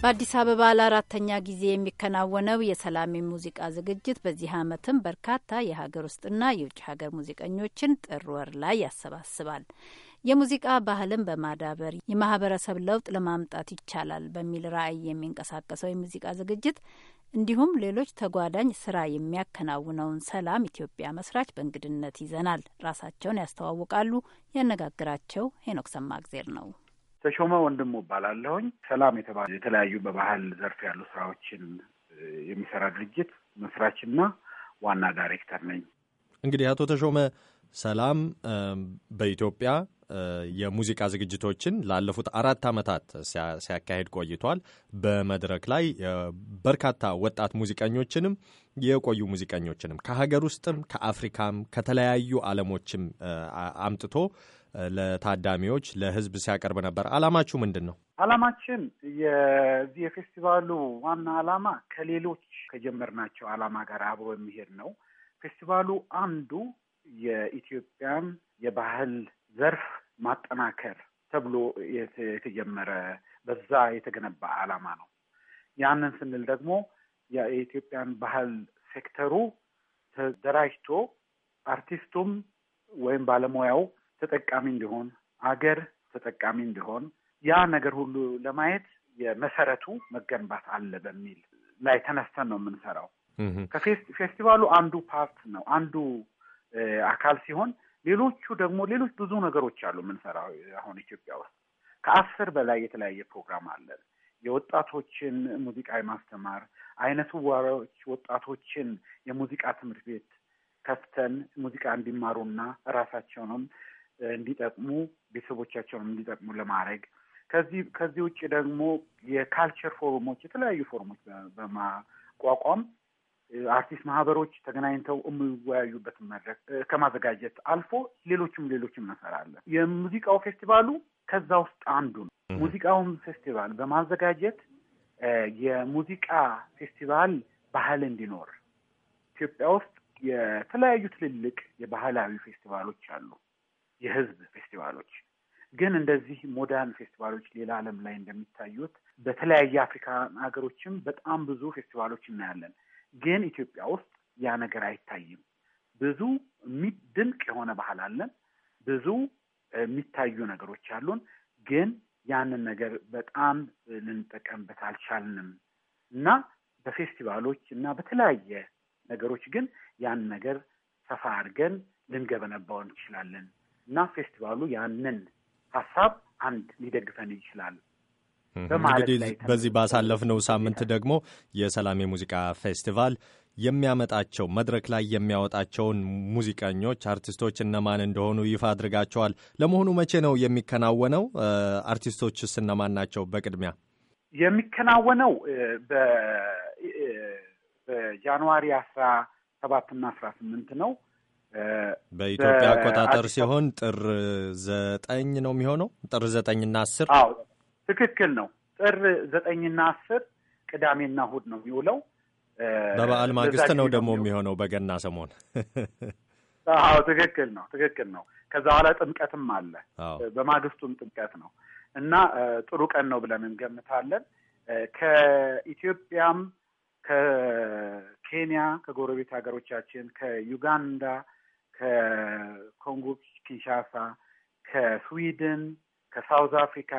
S2: በአዲስ አበባ ለአራተኛ ጊዜ የሚከናወነው የሰላም ሙዚቃ ዝግጅት በዚህ ዓመትም በርካታ የሀገር ውስጥና የውጭ ሀገር ሙዚቀኞችን ጥር ወር ላይ ያሰባስባል። የሙዚቃ ባህልን በማዳበር የማህበረሰብ ለውጥ ለማምጣት ይቻላል በሚል ራዕይ የሚንቀሳቀሰው የሙዚቃ ዝግጅት እንዲሁም ሌሎች ተጓዳኝ ስራ የሚያከናውነውን ሰላም ኢትዮጵያ መስራች በእንግድነት ይዘናል። ራሳቸውን ያስተዋውቃሉ። ያነጋግራቸው ሄኖክ ሰማእግዜር ነው።
S5: ተሾመ ወንድሙ እባላለሁኝ። ሰላም የተባለ የተለያዩ በባህል ዘርፍ ያሉ ስራዎችን የሚሰራ ድርጅት መስራችና ዋና ዳይሬክተር ነኝ።
S3: እንግዲህ አቶ ተሾመ ሰላም በኢትዮጵያ የሙዚቃ ዝግጅቶችን ላለፉት አራት ዓመታት ሲያካሄድ ቆይቷል። በመድረክ ላይ በርካታ ወጣት ሙዚቀኞችንም የቆዩ ሙዚቀኞችንም ከሀገር ውስጥም ከአፍሪካም ከተለያዩ ዓለሞችም አምጥቶ ለታዳሚዎች ለህዝብ ሲያቀርብ ነበር። አላማችሁ ምንድን ነው?
S5: አላማችን የዚህ የፌስቲቫሉ ዋና አላማ ከሌሎች ከጀመርናቸው አላማ ጋር አብሮ የሚሄድ ነው። ፌስቲቫሉ አንዱ የኢትዮጵያን የባህል ዘርፍ ማጠናከር ተብሎ የተጀመረ በዛ የተገነባ አላማ ነው። ያንን ስንል ደግሞ የኢትዮጵያን ባህል ሴክተሩ ተደራጅቶ አርቲስቱም ወይም ባለሙያው ተጠቃሚ እንዲሆን አገር ተጠቃሚ እንዲሆን ያ ነገር ሁሉ ለማየት የመሰረቱ መገንባት አለ በሚል ላይ ተነስተን ነው የምንሰራው። ከፌስቲቫሉ አንዱ ፓርት ነው አንዱ አካል ሲሆን ሌሎቹ ደግሞ ሌሎች ብዙ ነገሮች አሉ የምንሰራው። አሁን ኢትዮጵያ ውስጥ ከአስር በላይ የተለያየ ፕሮግራም አለን። የወጣቶችን ሙዚቃ የማስተማር አይነቱ ዋሪዎች ወጣቶችን የሙዚቃ ትምህርት ቤት ከፍተን ሙዚቃ እንዲማሩና ራሳቸውንም እንዲጠቅሙ ቤተሰቦቻቸውን እንዲጠቅሙ ለማድረግ ከዚህ ከዚህ ውጭ ደግሞ የካልቸር ፎርሞች የተለያዩ ፎርሞች በማቋቋም አርቲስት ማህበሮች ተገናኝተው የሚወያዩበት መድረክ ከማዘጋጀት አልፎ ሌሎችም ሌሎችም እንሰራለን። የሙዚቃው ፌስቲቫሉ ከዛ ውስጥ አንዱ ነው። ሙዚቃውን ፌስቲቫል በማዘጋጀት የሙዚቃ ፌስቲቫል ባህል እንዲኖር ኢትዮጵያ ውስጥ የተለያዩ ትልልቅ የባህላዊ ፌስቲቫሎች አሉ። የህዝብ ፌስቲቫሎች ግን እንደዚህ ሞዳርን ፌስቲቫሎች ሌላ ዓለም ላይ እንደሚታዩት በተለያየ አፍሪካ ሀገሮችም በጣም ብዙ ፌስቲቫሎች እናያለን። ግን ኢትዮጵያ ውስጥ ያ ነገር አይታይም። ብዙ ድንቅ የሆነ ባህል አለን። ብዙ የሚታዩ ነገሮች አሉን። ግን ያንን ነገር በጣም ልንጠቀምበት አልቻልንም እና በፌስቲቫሎች እና በተለያየ ነገሮች ግን ያን ነገር ሰፋ አድርገን ልንገበነባው እንችላለን እና ፌስቲቫሉ ያንን ሀሳብ አንድ ሊደግፈን ይችላል።
S3: እንግዲህ በዚህ ባሳለፍነው ሳምንት ደግሞ የሰላም የሙዚቃ ፌስቲቫል የሚያመጣቸው መድረክ ላይ የሚያወጣቸውን ሙዚቀኞች፣ አርቲስቶች እነማን እንደሆኑ ይፋ አድርጋቸዋል። ለመሆኑ መቼ ነው የሚከናወነው? አርቲስቶችስ እነማን ናቸው? በቅድሚያ
S5: የሚከናወነው በጃንዋሪ አስራ ሰባትና አስራ ስምንት ነው። በኢትዮጵያ አቆጣጠር
S3: ሲሆን ጥር ዘጠኝ ነው የሚሆነው። ጥር ዘጠኝና አስር አዎ
S5: ትክክል ነው። ጥር ዘጠኝና አስር ቅዳሜና እሁድ ነው የሚውለው። በበዓል ማግስት ነው
S3: ደግሞ የሚሆነው በገና ሰሞን።
S5: አዎ ትክክል ነው፣ ትክክል ነው። ከዛ በኋላ ጥምቀትም አለ። በማግስቱም ጥምቀት ነው እና ጥሩ ቀን ነው ብለን እንገምታለን። ከኢትዮጵያም ከኬንያ ከጎረቤት ሀገሮቻችን ከዩጋንዳ ከኮንጎ ኪንሻሳ፣ ከስዊድን፣ ከሳውዝ አፍሪካ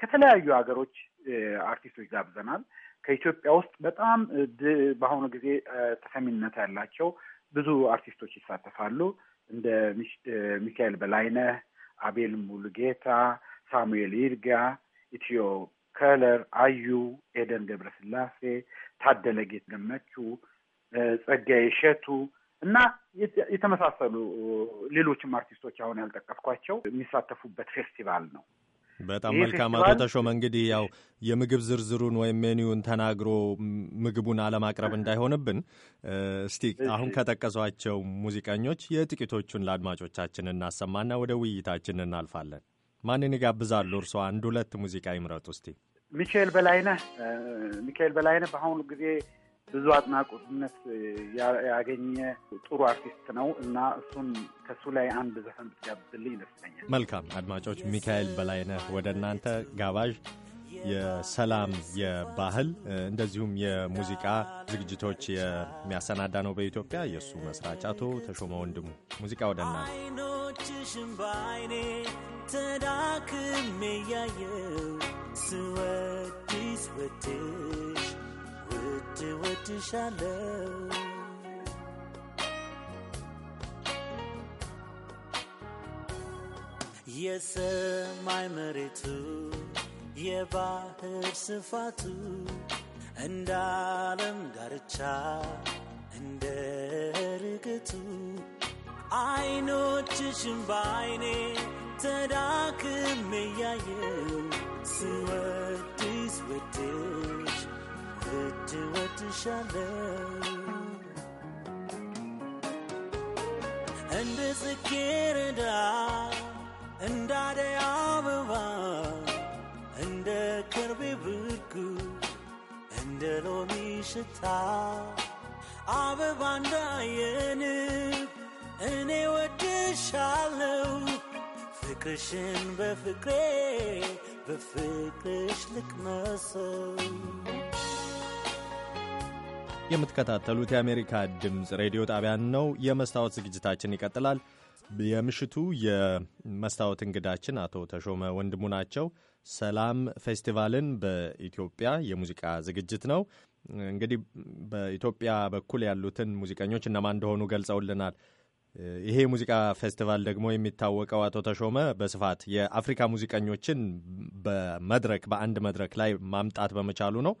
S5: ከተለያዩ ሀገሮች አርቲስቶች ጋብዘናል። ከኢትዮጵያ ውስጥ በጣም በአሁኑ ጊዜ ተሰሚነት ያላቸው ብዙ አርቲስቶች ይሳተፋሉ። እንደ ሚካኤል በላይነህ፣ አቤል ሙሉጌታ፣ ሳሙኤል ይርጋ፣ ኢትዮ ከለር፣ አዩ፣ ኤደን ገብረስላሴ፣ ታደለ ጌት ገመቹ፣ ጸጋዬ እሸቱ እና የተመሳሰሉ ሌሎችም አርቲስቶች አሁን ያልጠቀስኳቸው የሚሳተፉበት ፌስቲቫል ነው።
S3: በጣም መልካም አቶ ተሾመ። እንግዲህ ያው የምግብ ዝርዝሩን ወይም ሜኒውን ተናግሮ ምግቡን አለማቅረብ እንዳይሆንብን እስቲ አሁን ከጠቀሷቸው ሙዚቀኞች የጥቂቶቹን ለአድማጮቻችን እናሰማና ወደ ውይይታችን እናልፋለን። ማንን ይጋብዛሉ እርሶ? አንድ ሁለት ሙዚቃ ይምረጡ እስቲ።
S5: ሚካኤል በላይነህ ሚካኤል በላይነህ በአሁኑ ጊዜ ብዙ አድናቆትነት ያገኘ ጥሩ አርቲስት ነው እና እሱን ከሱ ላይ አንድ ዘፈን ብትጋብዝልኝ ይመስለኛል።
S3: መልካም አድማጮች፣ ሚካኤል በላይነህ ወደ እናንተ ጋባዥ የሰላም የባህል እንደዚሁም የሙዚቃ ዝግጅቶች የሚያሰናዳ ነው በኢትዮጵያ። የእሱ መስራች አቶ ተሾመ ወንድሙ ሙዚቃ ወደ ና
S10: አይኖችሽን በአይኔ ተዳክም ያየው ስወዲስ ወድሽ እወድሻለሁ የሰማይ መሬቱ የባህር ስፋቱ እንደ ዳርቻ እንደ ርግቱ አይኖችሽን በአይኔ እያየው ስወድስ ብድ ወድሻለው እንደ ጽጌረዳ እንደ አደይ አበባ እንደ ከርቤ ብርኩስ እንደ ሎሚ ሽታ አበባ እንዳየንብ እኔ ወድሻለው ፍቅርሽን በፍቅሬ በፍቅርሽ ልቅመሰው
S3: የምትከታተሉት የአሜሪካ ድምፅ ሬዲዮ ጣቢያን ነው። የመስታወት ዝግጅታችን ይቀጥላል። የምሽቱ የመስታወት እንግዳችን አቶ ተሾመ ወንድሙ ናቸው። ሰላም ፌስቲቫልን በኢትዮጵያ የሙዚቃ ዝግጅት ነው። እንግዲህ በኢትዮጵያ በኩል ያሉትን ሙዚቀኞች እነማን እንደሆኑ ገልጸውልናል። ይሄ የሙዚቃ ፌስቲቫል ደግሞ የሚታወቀው አቶ ተሾመ በስፋት የአፍሪካ ሙዚቀኞችን በመድረክ በአንድ መድረክ ላይ ማምጣት በመቻሉ ነው።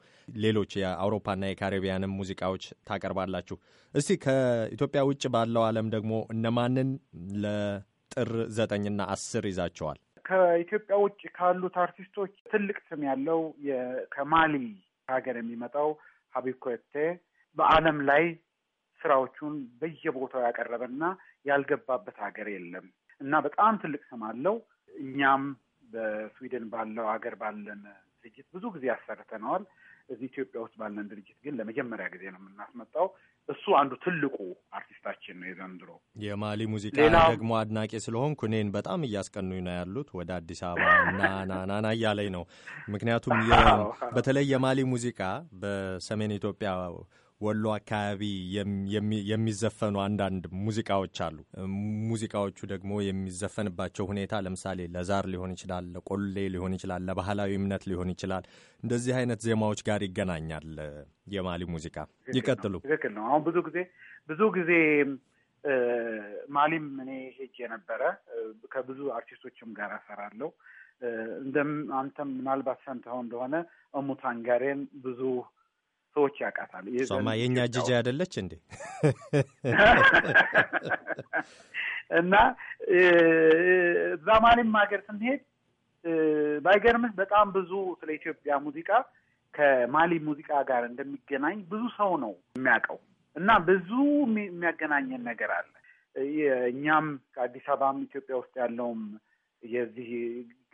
S3: ሌሎች የአውሮፓና የካሪቢያንም ሙዚቃዎች ታቀርባላችሁ። እስቲ ከኢትዮጵያ ውጭ ባለው ዓለም ደግሞ እነማንን ለጥር ዘጠኝና አስር ይዛቸዋል?
S5: ከኢትዮጵያ ውጭ ካሉት አርቲስቶች ትልቅ ስም ያለው ከማሊ ሀገር የሚመጣው ሀቢብ ኮቴ በዓለም ላይ ስራዎቹን በየቦታው ያቀረበና ያልገባበት ሀገር የለም እና በጣም ትልቅ ስም አለው። እኛም በስዊድን ባለው ሀገር ባለን ድርጅት ብዙ ጊዜ ያሰርተነዋል። እዚህ ኢትዮጵያ ውስጥ ባለን ድርጅት ግን ለመጀመሪያ ጊዜ ነው የምናስመጣው። እሱ አንዱ ትልቁ አርቲስታችን ነው የዘንድሮ።
S3: የማሊ ሙዚቃ ደግሞ አድናቂ ስለሆንኩ እኔን በጣም እያስቀኑኝ ነው ያሉት። ወደ አዲስ አበባ ናናናና እያለኝ ነው። ምክንያቱም በተለይ የማሊ ሙዚቃ በሰሜን ኢትዮጵያ ወሎ አካባቢ የሚዘፈኑ አንዳንድ ሙዚቃዎች አሉ። ሙዚቃዎቹ ደግሞ የሚዘፈንባቸው ሁኔታ ለምሳሌ ለዛር ሊሆን ይችላል፣ ለቆሌ ሊሆን ይችላል፣ ለባህላዊ እምነት ሊሆን ይችላል። እንደዚህ አይነት ዜማዎች ጋር ይገናኛል የማሊ ሙዚቃ። ይቀጥሉ።
S5: ትክክል ነው። አሁን ብዙ ጊዜ ብዙ ጊዜ ማሊም እኔ ሄጅ የነበረ ከብዙ አርቲስቶችም ጋር እሰራለሁ። እንደም አንተም ምናልባት ሰምተኸው እንደሆነ እሙታንጋሬን ብዙ
S3: ሰዎች ያውቃታሉ።
S5: እሷማ የእኛ ጅጃ
S3: አይደለች እንዴ?
S5: እና እዛ ሀገር ስንሄድ ባይገርምህ በጣም ብዙ ስለ ኢትዮጵያ ሙዚቃ ከማሊ ሙዚቃ ጋር እንደሚገናኝ ብዙ ሰው ነው የሚያውቀው እና ብዙ የሚያገናኘን ነገር አለ። እኛም ከአዲስ አበባም ኢትዮጵያ ውስጥ ያለውም የዚህ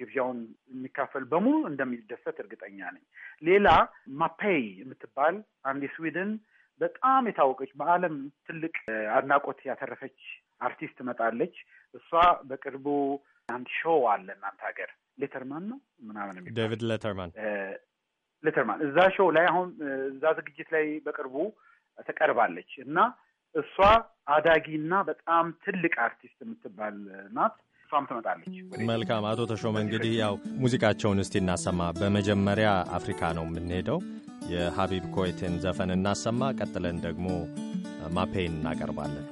S5: ግብዣውን የሚካፈል በሙሉ እንደሚደሰት እርግጠኛ ነኝ። ሌላ ማፔይ የምትባል አንድ የስዊድን በጣም የታወቀች በዓለም ትልቅ አድናቆት ያተረፈች አርቲስት ትመጣለች። እሷ በቅርቡ አንድ ሾው አለ እናንተ ሀገር ሌተርማን ነው ምናምን
S3: ዴቪድ ሌተርማን
S5: ሌተርማን እዛ ሾው ላይ አሁን እዛ ዝግጅት ላይ በቅርቡ ተቀርባለች እና እሷ አዳጊና በጣም ትልቅ አርቲስት የምትባል ናት። እሷም ትመጣለች።
S3: መልካም አቶ ተሾመ እንግዲህ ያው ሙዚቃቸውን እስቲ እናሰማ። በመጀመሪያ አፍሪካ ነው የምንሄደው። የሀቢብ ኮይቴን ዘፈን እናሰማ። ቀጥለን ደግሞ ማፔን እናቀርባለን።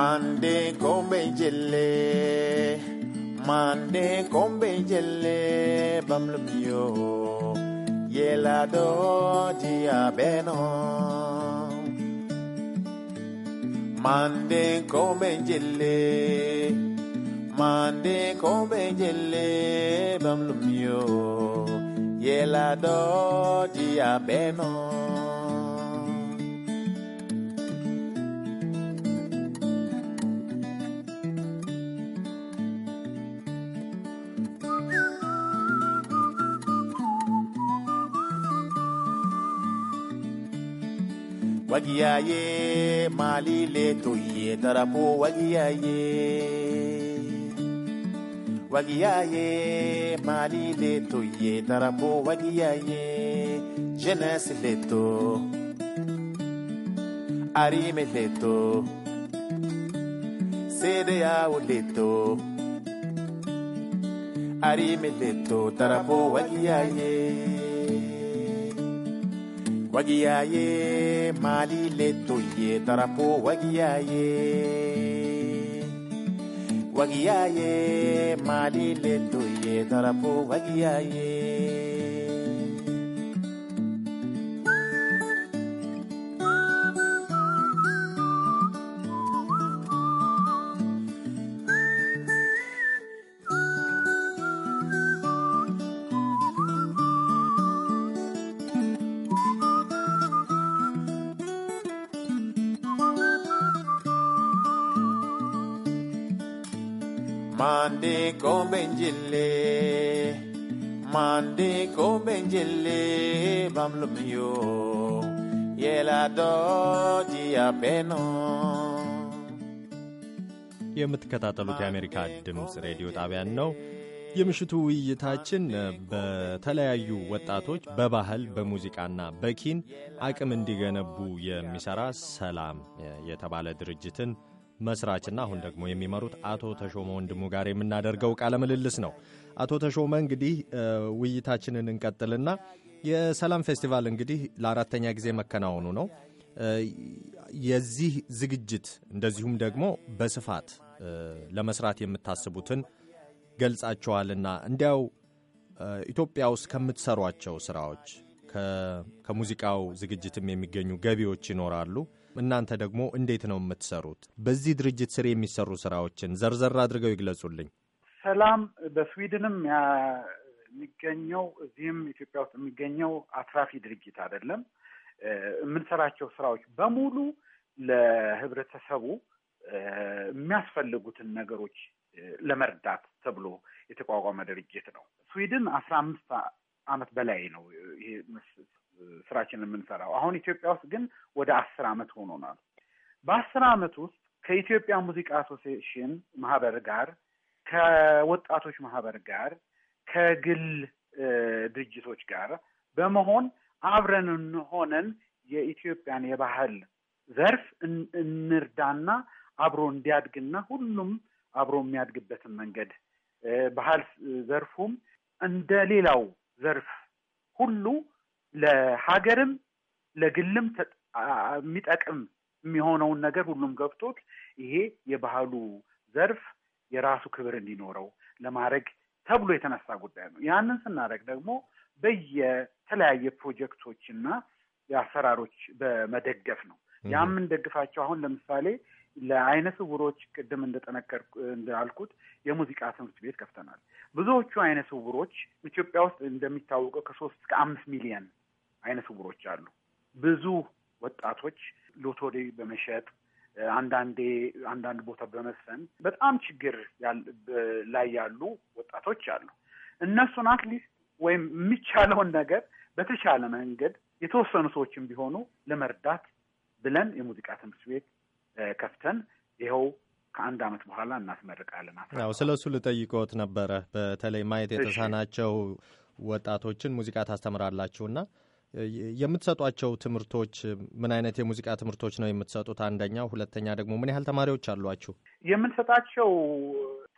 S7: Mande Gombe Jelle mande kombe jelle bamlubio yela do abeno. mande kombe jelle mande kombe jelle bamlubio yela do abeno. wagiyaye mali le ye, darapo wagiyaye wagiyaye mali le ye, darapo wagiyaye jeunesse le to arime le to CDAO le to arime le to darapo wagiyaye wagiyaye mali leto ye darapo wagiyaye wagiyaye mali leto ye darapo wagiyaye benjele mande ko benjele bamlo yo yela do
S3: di beno የምትከታተሉት የአሜሪካ ድምፅ ሬዲዮ ጣቢያን ነው። የምሽቱ ውይይታችን በተለያዩ ወጣቶች በባህል በሙዚቃና በኪን አቅም እንዲገነቡ የሚሰራ ሰላም የተባለ ድርጅትን መስራችና አሁን ደግሞ የሚመሩት አቶ ተሾመ ወንድሙ ጋር የምናደርገው ቃለ ምልልስ ነው። አቶ ተሾመ እንግዲህ ውይይታችንን እንቀጥልና የሰላም ፌስቲቫል እንግዲህ ለአራተኛ ጊዜ መከናወኑ ነው። የዚህ ዝግጅት እንደዚሁም ደግሞ በስፋት ለመስራት የምታስቡትን ገልጻችኋልና እንዲያው ኢትዮጵያ ውስጥ ከምትሰሯቸው ስራዎች ከሙዚቃው ዝግጅትም የሚገኙ ገቢዎች ይኖራሉ። እናንተ ደግሞ እንዴት ነው የምትሰሩት? በዚህ ድርጅት ስር የሚሰሩ ስራዎችን ዘርዘር አድርገው ይግለጹልኝ።
S5: ሰላም በስዊድንም የሚገኘው እዚህም ኢትዮጵያ ውስጥ የሚገኘው አትራፊ ድርጅት አይደለም። የምንሰራቸው ስራዎች በሙሉ ለህብረተሰቡ የሚያስፈልጉትን ነገሮች ለመርዳት ተብሎ የተቋቋመ ድርጅት ነው። ስዊድን አስራ አምስት አመት በላይ ነው ስራችንን የምንሰራው። አሁን ኢትዮጵያ ውስጥ ግን ወደ አስር አመት ሆኖናል። በአስር አመት ውስጥ ከኢትዮጵያ ሙዚቃ አሶሲዬሽን ማህበር ጋር፣ ከወጣቶች ማህበር ጋር፣ ከግል ድርጅቶች ጋር በመሆን አብረን እንሆነን የኢትዮጵያን የባህል ዘርፍ እንርዳና አብሮ እንዲያድግና ሁሉም አብሮ የሚያድግበትን መንገድ ባህል ዘርፉም እንደ ሌላው ዘርፍ ሁሉ ለሀገርም ለግልም የሚጠቅም የሚሆነውን ነገር ሁሉም ገብቶት ይሄ የባህሉ ዘርፍ የራሱ ክብር እንዲኖረው ለማድረግ ተብሎ የተነሳ ጉዳይ ነው። ያንን ስናደርግ ደግሞ በየተለያየ ፕሮጀክቶች እና የአሰራሮች በመደገፍ ነው። ያ እንደግፋቸው አሁን ለምሳሌ ለአይነ ስውሮች ቅድም እንደጠነከር እንዳልኩት የሙዚቃ ትምህርት ቤት ከፍተናል። ብዙዎቹ አይነ ስውሮች ኢትዮጵያ ውስጥ እንደሚታወቀው ከሶስት ከአምስት ሚሊዮን አይነ ስውሮች አሉ። ብዙ ወጣቶች ሎቶሪ በመሸጥ አንዳንዴ አንዳንድ ቦታ በመስፈን በጣም ችግር ላይ ያሉ ወጣቶች አሉ። እነሱን አትሊስት ወይም የሚቻለውን ነገር በተሻለ መንገድ የተወሰኑ ሰዎችም ቢሆኑ ለመርዳት ብለን የሙዚቃ ትምህርት ቤት ከፍተን ይኸው ከአንድ ዓመት በኋላ እናስመርቃለን።
S3: አዎ ስለ እሱ ልጠይቅዎት ነበረ። በተለይ ማየት የተሳናቸው ወጣቶችን ሙዚቃ ታስተምራላችሁና የምትሰጧቸው ትምህርቶች ምን አይነት የሙዚቃ ትምህርቶች ነው የምትሰጡት? አንደኛ። ሁለተኛ ደግሞ ምን ያህል ተማሪዎች አሏችሁ?
S5: የምንሰጣቸው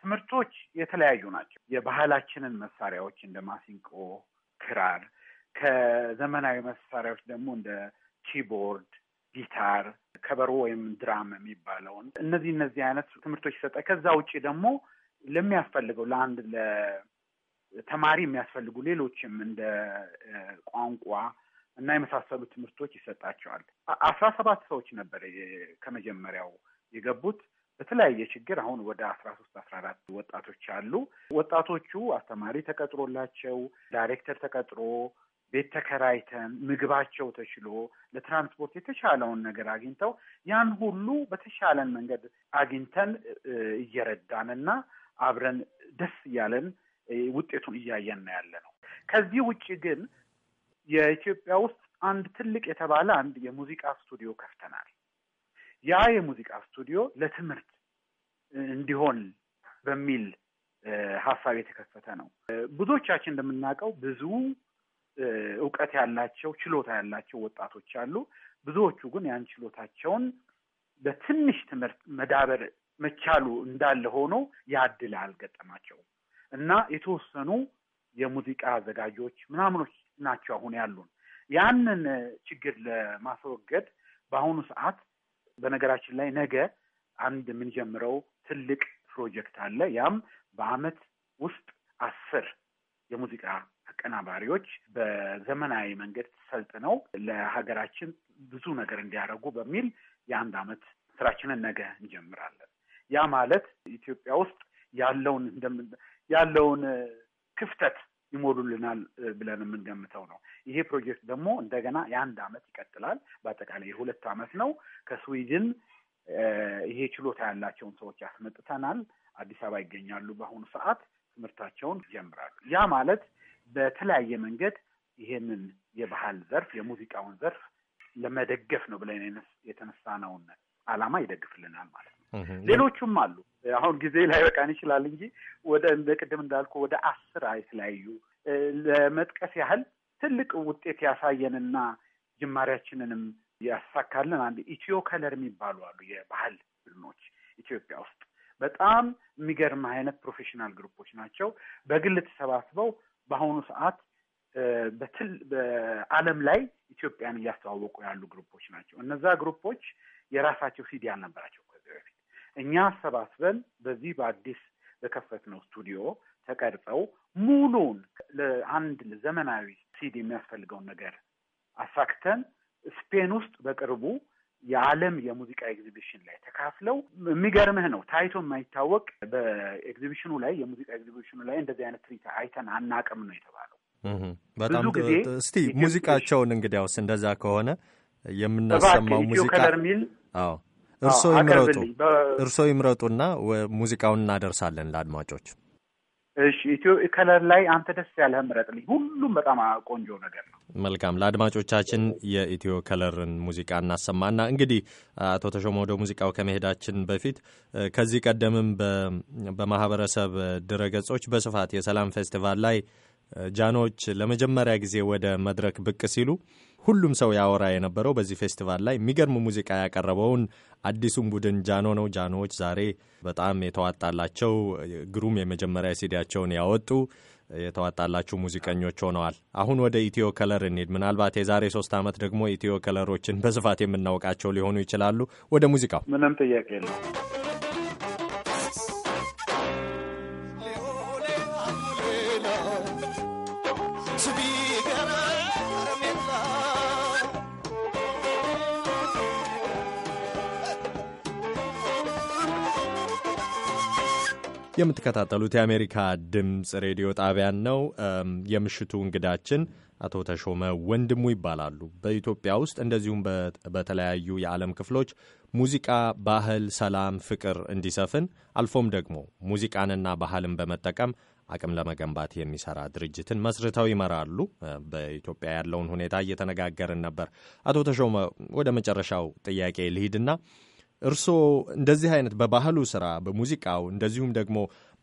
S5: ትምህርቶች የተለያዩ ናቸው። የባህላችንን መሳሪያዎች እንደ ማሲንቆ፣ ክራር ከዘመናዊ መሳሪያዎች ደግሞ እንደ ኪቦርድ፣ ጊታር፣ ከበሮ ወይም ድራም የሚባለውን እነዚህ እነዚህ አይነት ትምህርቶች ይሰጣል። ከዛ ውጭ ደግሞ ለሚያስፈልገው ለአንድ ተማሪ የሚያስፈልጉ ሌሎችም እንደ ቋንቋ እና የመሳሰሉ ትምህርቶች ይሰጣቸዋል። አስራ ሰባት ሰዎች ነበር ከመጀመሪያው የገቡት በተለያየ ችግር አሁን ወደ አስራ ሶስት አስራ አራት ወጣቶች አሉ። ወጣቶቹ አስተማሪ ተቀጥሮላቸው፣ ዳይሬክተር ተቀጥሮ፣ ቤት ተከራይተን ምግባቸው ተችሎ ለትራንስፖርት የተሻለውን ነገር አግኝተው ያን ሁሉ በተሻለን መንገድ አግኝተን እየረዳን እና አብረን ደስ እያለን ውጤቱን እያየን ነው ያለ ነው። ከዚህ ውጭ ግን የኢትዮጵያ ውስጥ አንድ ትልቅ የተባለ አንድ የሙዚቃ ስቱዲዮ ከፍተናል። ያ የሙዚቃ ስቱዲዮ ለትምህርት እንዲሆን በሚል ሀሳብ የተከፈተ ነው። ብዙዎቻችን እንደምናውቀው ብዙ እውቀት ያላቸው ችሎታ ያላቸው ወጣቶች አሉ። ብዙዎቹ ግን ያን ችሎታቸውን በትንሽ ትምህርት መዳበር መቻሉ እንዳለ ሆኖ ያድል አልገጠማቸውም። እና የተወሰኑ የሙዚቃ አዘጋጆች ምናምኖች ናቸው አሁን ያሉን። ያንን ችግር ለማስወገድ በአሁኑ ሰዓት በነገራችን ላይ ነገ አንድ የምንጀምረው ትልቅ ፕሮጀክት አለ። ያም በአመት ውስጥ አስር የሙዚቃ አቀናባሪዎች በዘመናዊ መንገድ ሰልጥነው ለሀገራችን ብዙ ነገር እንዲያደርጉ በሚል የአንድ አመት ስራችንን ነገ እንጀምራለን። ያ ማለት ኢትዮጵያ ውስጥ ያለውን ያለውን ክፍተት ይሞሉልናል ብለን የምንገምተው ነው። ይሄ ፕሮጀክት ደግሞ እንደገና የአንድ አመት ይቀጥላል። በአጠቃላይ የሁለት ዓመት ነው። ከስዊድን ይሄ ችሎታ ያላቸውን ሰዎች ያስመጥተናል። አዲስ አበባ ይገኛሉ። በአሁኑ ሰዓት ትምህርታቸውን ይጀምራሉ። ያ ማለት በተለያየ መንገድ ይሄንን የባህል ዘርፍ የሙዚቃውን ዘርፍ ለመደገፍ ነው ብለን የተነሳነውን አላማ ይደግፍልናል ማለት
S1: ነው። ሌሎቹም
S5: አሉ። አሁን ጊዜ በቃን ይችላል እንጂ ወደ እንደ ቅድም እንዳልኩ ወደ አስር የተለያዩ ለመጥቀስ ያህል ትልቅ ውጤት ያሳየንና ጅማሬያችንንም ያሳካልን አንድ ኢትዮ ከለር የሚባሉ አሉ የባህል ቡድኖች ኢትዮጵያ ውስጥ በጣም የሚገርም አይነት ፕሮፌሽናል ግሩፖች ናቸው። በግል ተሰባስበው በአሁኑ ሰዓት በትል በዓለም ላይ ኢትዮጵያን እያስተዋወቁ ያሉ ግሩፖች ናቸው። እነዛ ግሩፖች የራሳቸው ሲዲ አልነበራቸው እኛ አሰባስበን በዚህ በአዲስ በከፈትነው ስቱዲዮ ተቀርጸው ሙሉውን ለአንድ ዘመናዊ ሲድ የሚያስፈልገውን ነገር አሳክተን ስፔን ውስጥ በቅርቡ የዓለም የሙዚቃ ኤግዚቢሽን ላይ ተካፍለው የሚገርምህ ነው ታይቶ የማይታወቅ በኤግዚቢሽኑ ላይ የሙዚቃ ኤግዚቢሽኑ ላይ እንደዚህ አይነት ትርኢት አይተን አናቅም ነው የተባለው።
S3: በጣም እስቲ ሙዚቃቸውን እንግዲያውስ እንደዛ ከሆነ የምናሰማው ሙዚቃ ሚል አዎ እርሶ ይምረጡ እርሶ ይምረጡና ሙዚቃውን እናደርሳለን ለአድማጮች።
S5: እሺ ከለር ላይ አንተ ደስ ያለህ ምረጥልኝ። ሁሉም በጣም ቆንጆ
S1: ነገር
S3: ነው። መልካም ለአድማጮቻችን የኢትዮ ከለርን ሙዚቃ እናሰማና እንግዲህ አቶ ተሾመ ወደ ሙዚቃው ከመሄዳችን በፊት ከዚህ ቀደምም በማህበረሰብ ድረገጾች በስፋት የሰላም ፌስቲቫል ላይ ጃኖች ለመጀመሪያ ጊዜ ወደ መድረክ ብቅ ሲሉ ሁሉም ሰው ያወራ የነበረው በዚህ ፌስቲቫል ላይ የሚገርም ሙዚቃ ያቀረበውን አዲሱን ቡድን ጃኖ ነው። ጃኖዎች ዛሬ በጣም የተዋጣላቸው ግሩም የመጀመሪያ ሲዲያቸውን ያወጡ የተዋጣላችሁ ሙዚቀኞች ሆነዋል። አሁን ወደ ኢትዮ ከለር እንሂድ። ምናልባት የዛሬ ሶስት ዓመት ደግሞ ኢትዮ ከለሮችን በስፋት የምናውቃቸው ሊሆኑ ይችላሉ። ወደ ሙዚቃው
S5: ምንም ጥያቄ ነው።
S3: የምትከታተሉት የአሜሪካ ድምፅ ሬዲዮ ጣቢያን ነው። የምሽቱ እንግዳችን አቶ ተሾመ ወንድሙ ይባላሉ። በኢትዮጵያ ውስጥ እንደዚሁም በተለያዩ የዓለም ክፍሎች ሙዚቃ፣ ባህል፣ ሰላም፣ ፍቅር እንዲሰፍን አልፎም ደግሞ ሙዚቃንና ባህልን በመጠቀም አቅም ለመገንባት የሚሰራ ድርጅትን መስርተው ይመራሉ። በኢትዮጵያ ያለውን ሁኔታ እየተነጋገርን ነበር። አቶ ተሾመ ወደ መጨረሻው ጥያቄ ልሂድና እርስዎ እንደዚህ አይነት በባህሉ ስራ፣ በሙዚቃው እንደዚሁም ደግሞ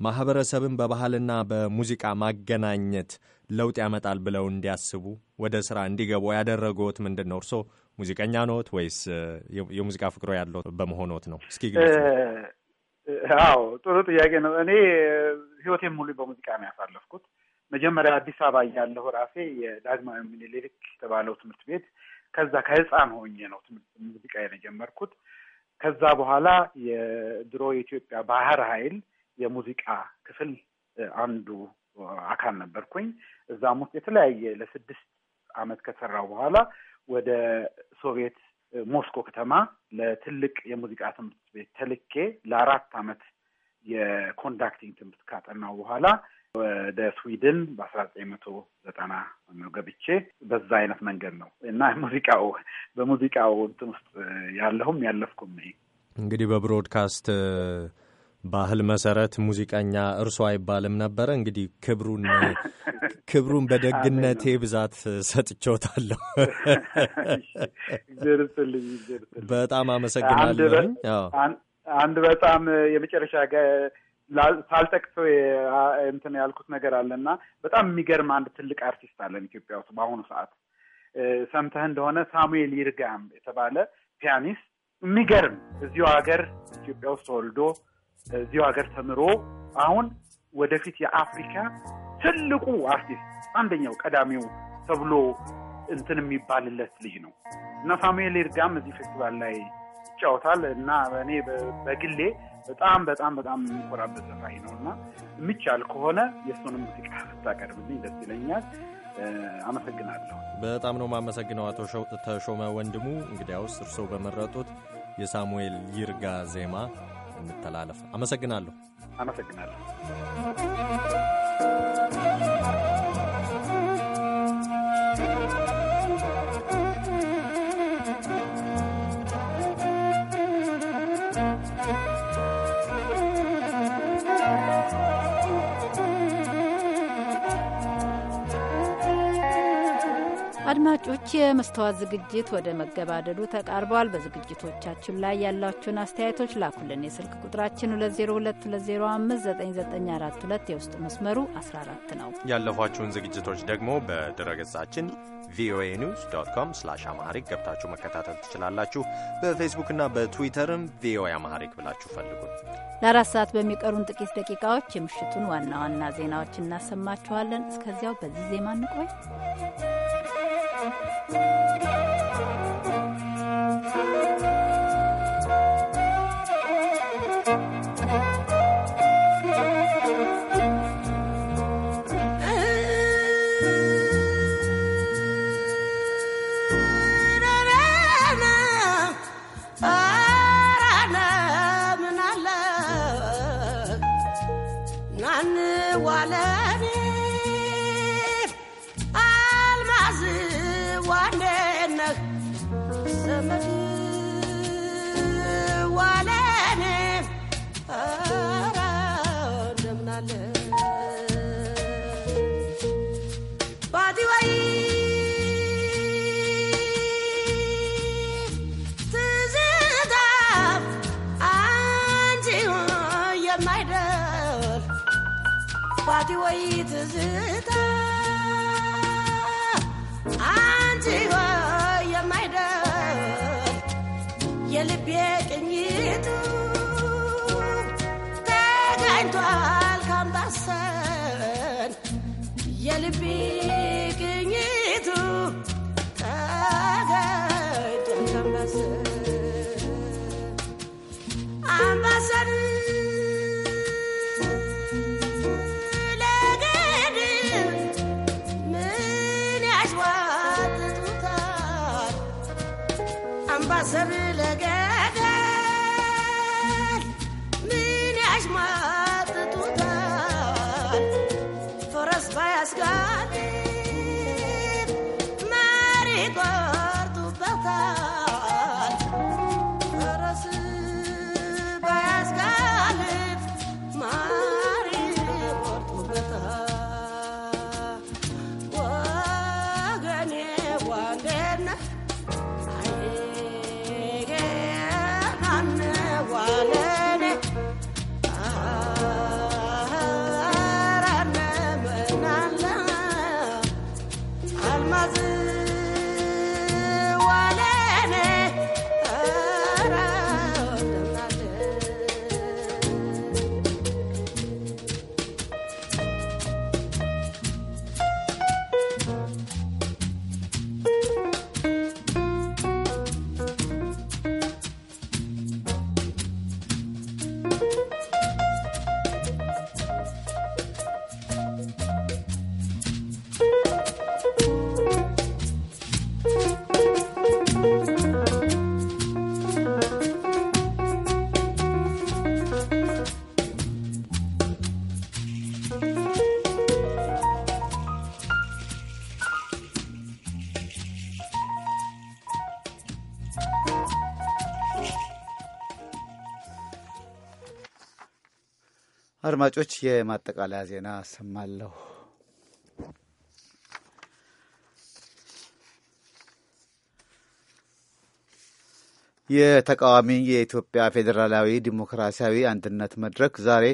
S3: ማህበረሰብን በባህልና በሙዚቃ ማገናኘት ለውጥ ያመጣል ብለው እንዲያስቡ ወደ ስራ እንዲገቡ ያደረጉት ምንድን ነው? እርስዎ ሙዚቀኛ ኖት ወይስ የሙዚቃ ፍቅሮ ያለው በመሆኖት ነው? እስኪ
S5: አዎ፣ ጥሩ ጥያቄ ነው። እኔ ህይወቴን ሙሉ በሙዚቃ ነው ያሳለፍኩት። መጀመሪያ አዲስ አበባ እያለሁ ራሴ የዳግማዊ ምኒልክ የተባለው ትምህርት ቤት ከዛ ከህፃን ሆኜ ነው ሙዚቃ የጀመርኩት። ከዛ በኋላ የድሮ የኢትዮጵያ ባህር ኃይል የሙዚቃ ክፍል አንዱ አካል ነበርኩኝ። እዛም ውስጥ የተለያየ ለስድስት ዓመት ከሰራው በኋላ ወደ ሶቪየት ሞስኮ ከተማ ለትልቅ የሙዚቃ ትምህርት ቤት ተልኬ ለአራት ዓመት የኮንዳክቲንግ ትምህርት ካጠናው በኋላ ወደ ስዊድን በአስራ ዘጠኝ መቶ ዘጠና ነው ገብቼ በዛ አይነት መንገድ ነው እና ሙዚቃው በሙዚቃው እንትን ውስጥ ያለሁም ያለፍኩም ነኝ።
S3: እንግዲህ በብሮድካስት ባህል መሰረት ሙዚቀኛ እርሶ አይባልም ነበረ። እንግዲህ ክብሩን ክብሩን በደግነቴ ብዛት ሰጥቼዎታለሁ። በጣም አመሰግናለሁ።
S5: አንድ በጣም የመጨረሻ ሳልጠቅሰው እንትን ያልኩት ነገር አለ እና በጣም የሚገርም አንድ ትልቅ አርቲስት አለን ኢትዮጵያ ውስጥ በአሁኑ ሰዓት ሰምተህ እንደሆነ ሳሙኤል ይርጋም የተባለ ፒያኒስት የሚገርም እዚሁ ሀገር ኢትዮጵያ ውስጥ ተወልዶ እዚሁ ሀገር ተምሮ አሁን ወደፊት የአፍሪካ ትልቁ አርቲስት አንደኛው ቀዳሚው ተብሎ እንትን የሚባልለት ልጅ ነው እና ሳሙኤል ይርጋም እዚህ ፌስቲቫል ላይ ይጫወታል እና እኔ በግሌ በጣም በጣም በጣም የሚኮራበት ዘፋኝ ነው እና የሚቻል ከሆነ የእሱንም ሙዚቃ ብታቀርብልኝ ደስ ይለኛል። አመሰግናለሁ።
S3: በጣም ነው የማመሰግነው አቶ ተሾመ ወንድሙ። እንግዲያውስ እርስዎ በመረጡት የሳሙኤል ይርጋ ዜማ እንተላለፍ። አመሰግናለሁ። አመሰግናለሁ።
S2: አድማጮች የመስተዋት ዝግጅት ወደ መገባደዱ ተቃርበዋል። በዝግጅቶቻችን ላይ ያላችሁን አስተያየቶች ላኩልን። የስልክ ቁጥራችን 2022059942 የውስጥ መስመሩ 14 ነው።
S3: ያለፏችሁን ዝግጅቶች ደግሞ በድረገጻችን ቪኦኤ ኒውስ ዶት ኮም ስላሽ አማሪክ ገብታችሁ መከታተል ትችላላችሁ። በፌስቡክና በትዊተርም ቪኦኤ አማሪክ ብላችሁ ፈልጉ።
S2: ለአራት ሰዓት በሚቀሩን ጥቂት ደቂቃዎች የምሽቱን ዋና ዋና ዜናዎች እናሰማችኋለን። እስከዚያው በዚህ ዜማ እንቆይ።
S1: Thank you.
S6: አድማጮች የማጠቃለያ ዜና አሰማለሁ። የተቃዋሚ የኢትዮጵያ ፌዴራላዊ ዲሞክራሲያዊ አንድነት መድረክ ዛሬ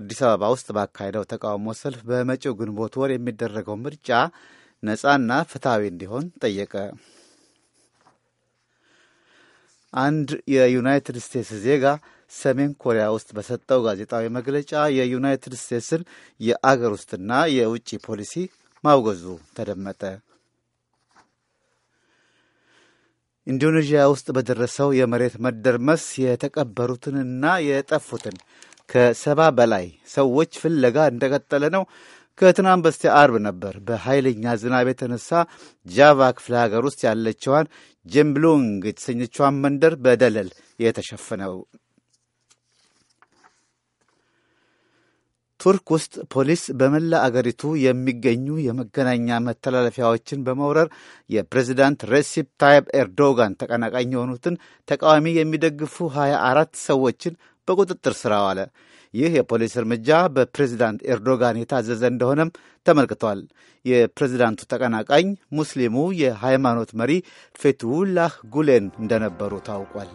S6: አዲስ አበባ ውስጥ ባካሄደው ተቃውሞ ሰልፍ በመጪው ግንቦት ወር የሚደረገው ምርጫ ነጻና ፍትሐዊ እንዲሆን ጠየቀ። አንድ የዩናይትድ ስቴትስ ዜጋ ሰሜን ኮሪያ ውስጥ በሰጠው ጋዜጣዊ መግለጫ የዩናይትድ ስቴትስን የአገር ውስጥና የውጭ ፖሊሲ ማውገዙ ተደመጠ። ኢንዶኔዥያ ውስጥ በደረሰው የመሬት መደርመስ የተቀበሩትንና የጠፉትን ከሰባ በላይ ሰዎች ፍለጋ እንደቀጠለ ነው። ከትናንት በስቲያ አርብ ነበር በኃይለኛ ዝናብ የተነሳ ጃቫ ክፍለ ሀገር ውስጥ ያለችዋን ጀምብሉንግ የተሰኘችዋን መንደር በደለል የተሸፈነው። ቱርክ ውስጥ ፖሊስ በመላ አገሪቱ የሚገኙ የመገናኛ መተላለፊያዎችን በመውረር የፕሬዚዳንት ሬሲፕ ታይፕ ኤርዶጋን ተቀናቃኝ የሆኑትን ተቃዋሚ የሚደግፉ 24 ሰዎችን በቁጥጥር ስር አዋለ። ይህ የፖሊስ እርምጃ በፕሬዚዳንት ኤርዶጋን የታዘዘ እንደሆነም ተመልክቷል። የፕሬዚዳንቱ ተቀናቃኝ ሙስሊሙ የሃይማኖት መሪ ፌትሁላህ ጉሌን እንደነበሩ ታውቋል።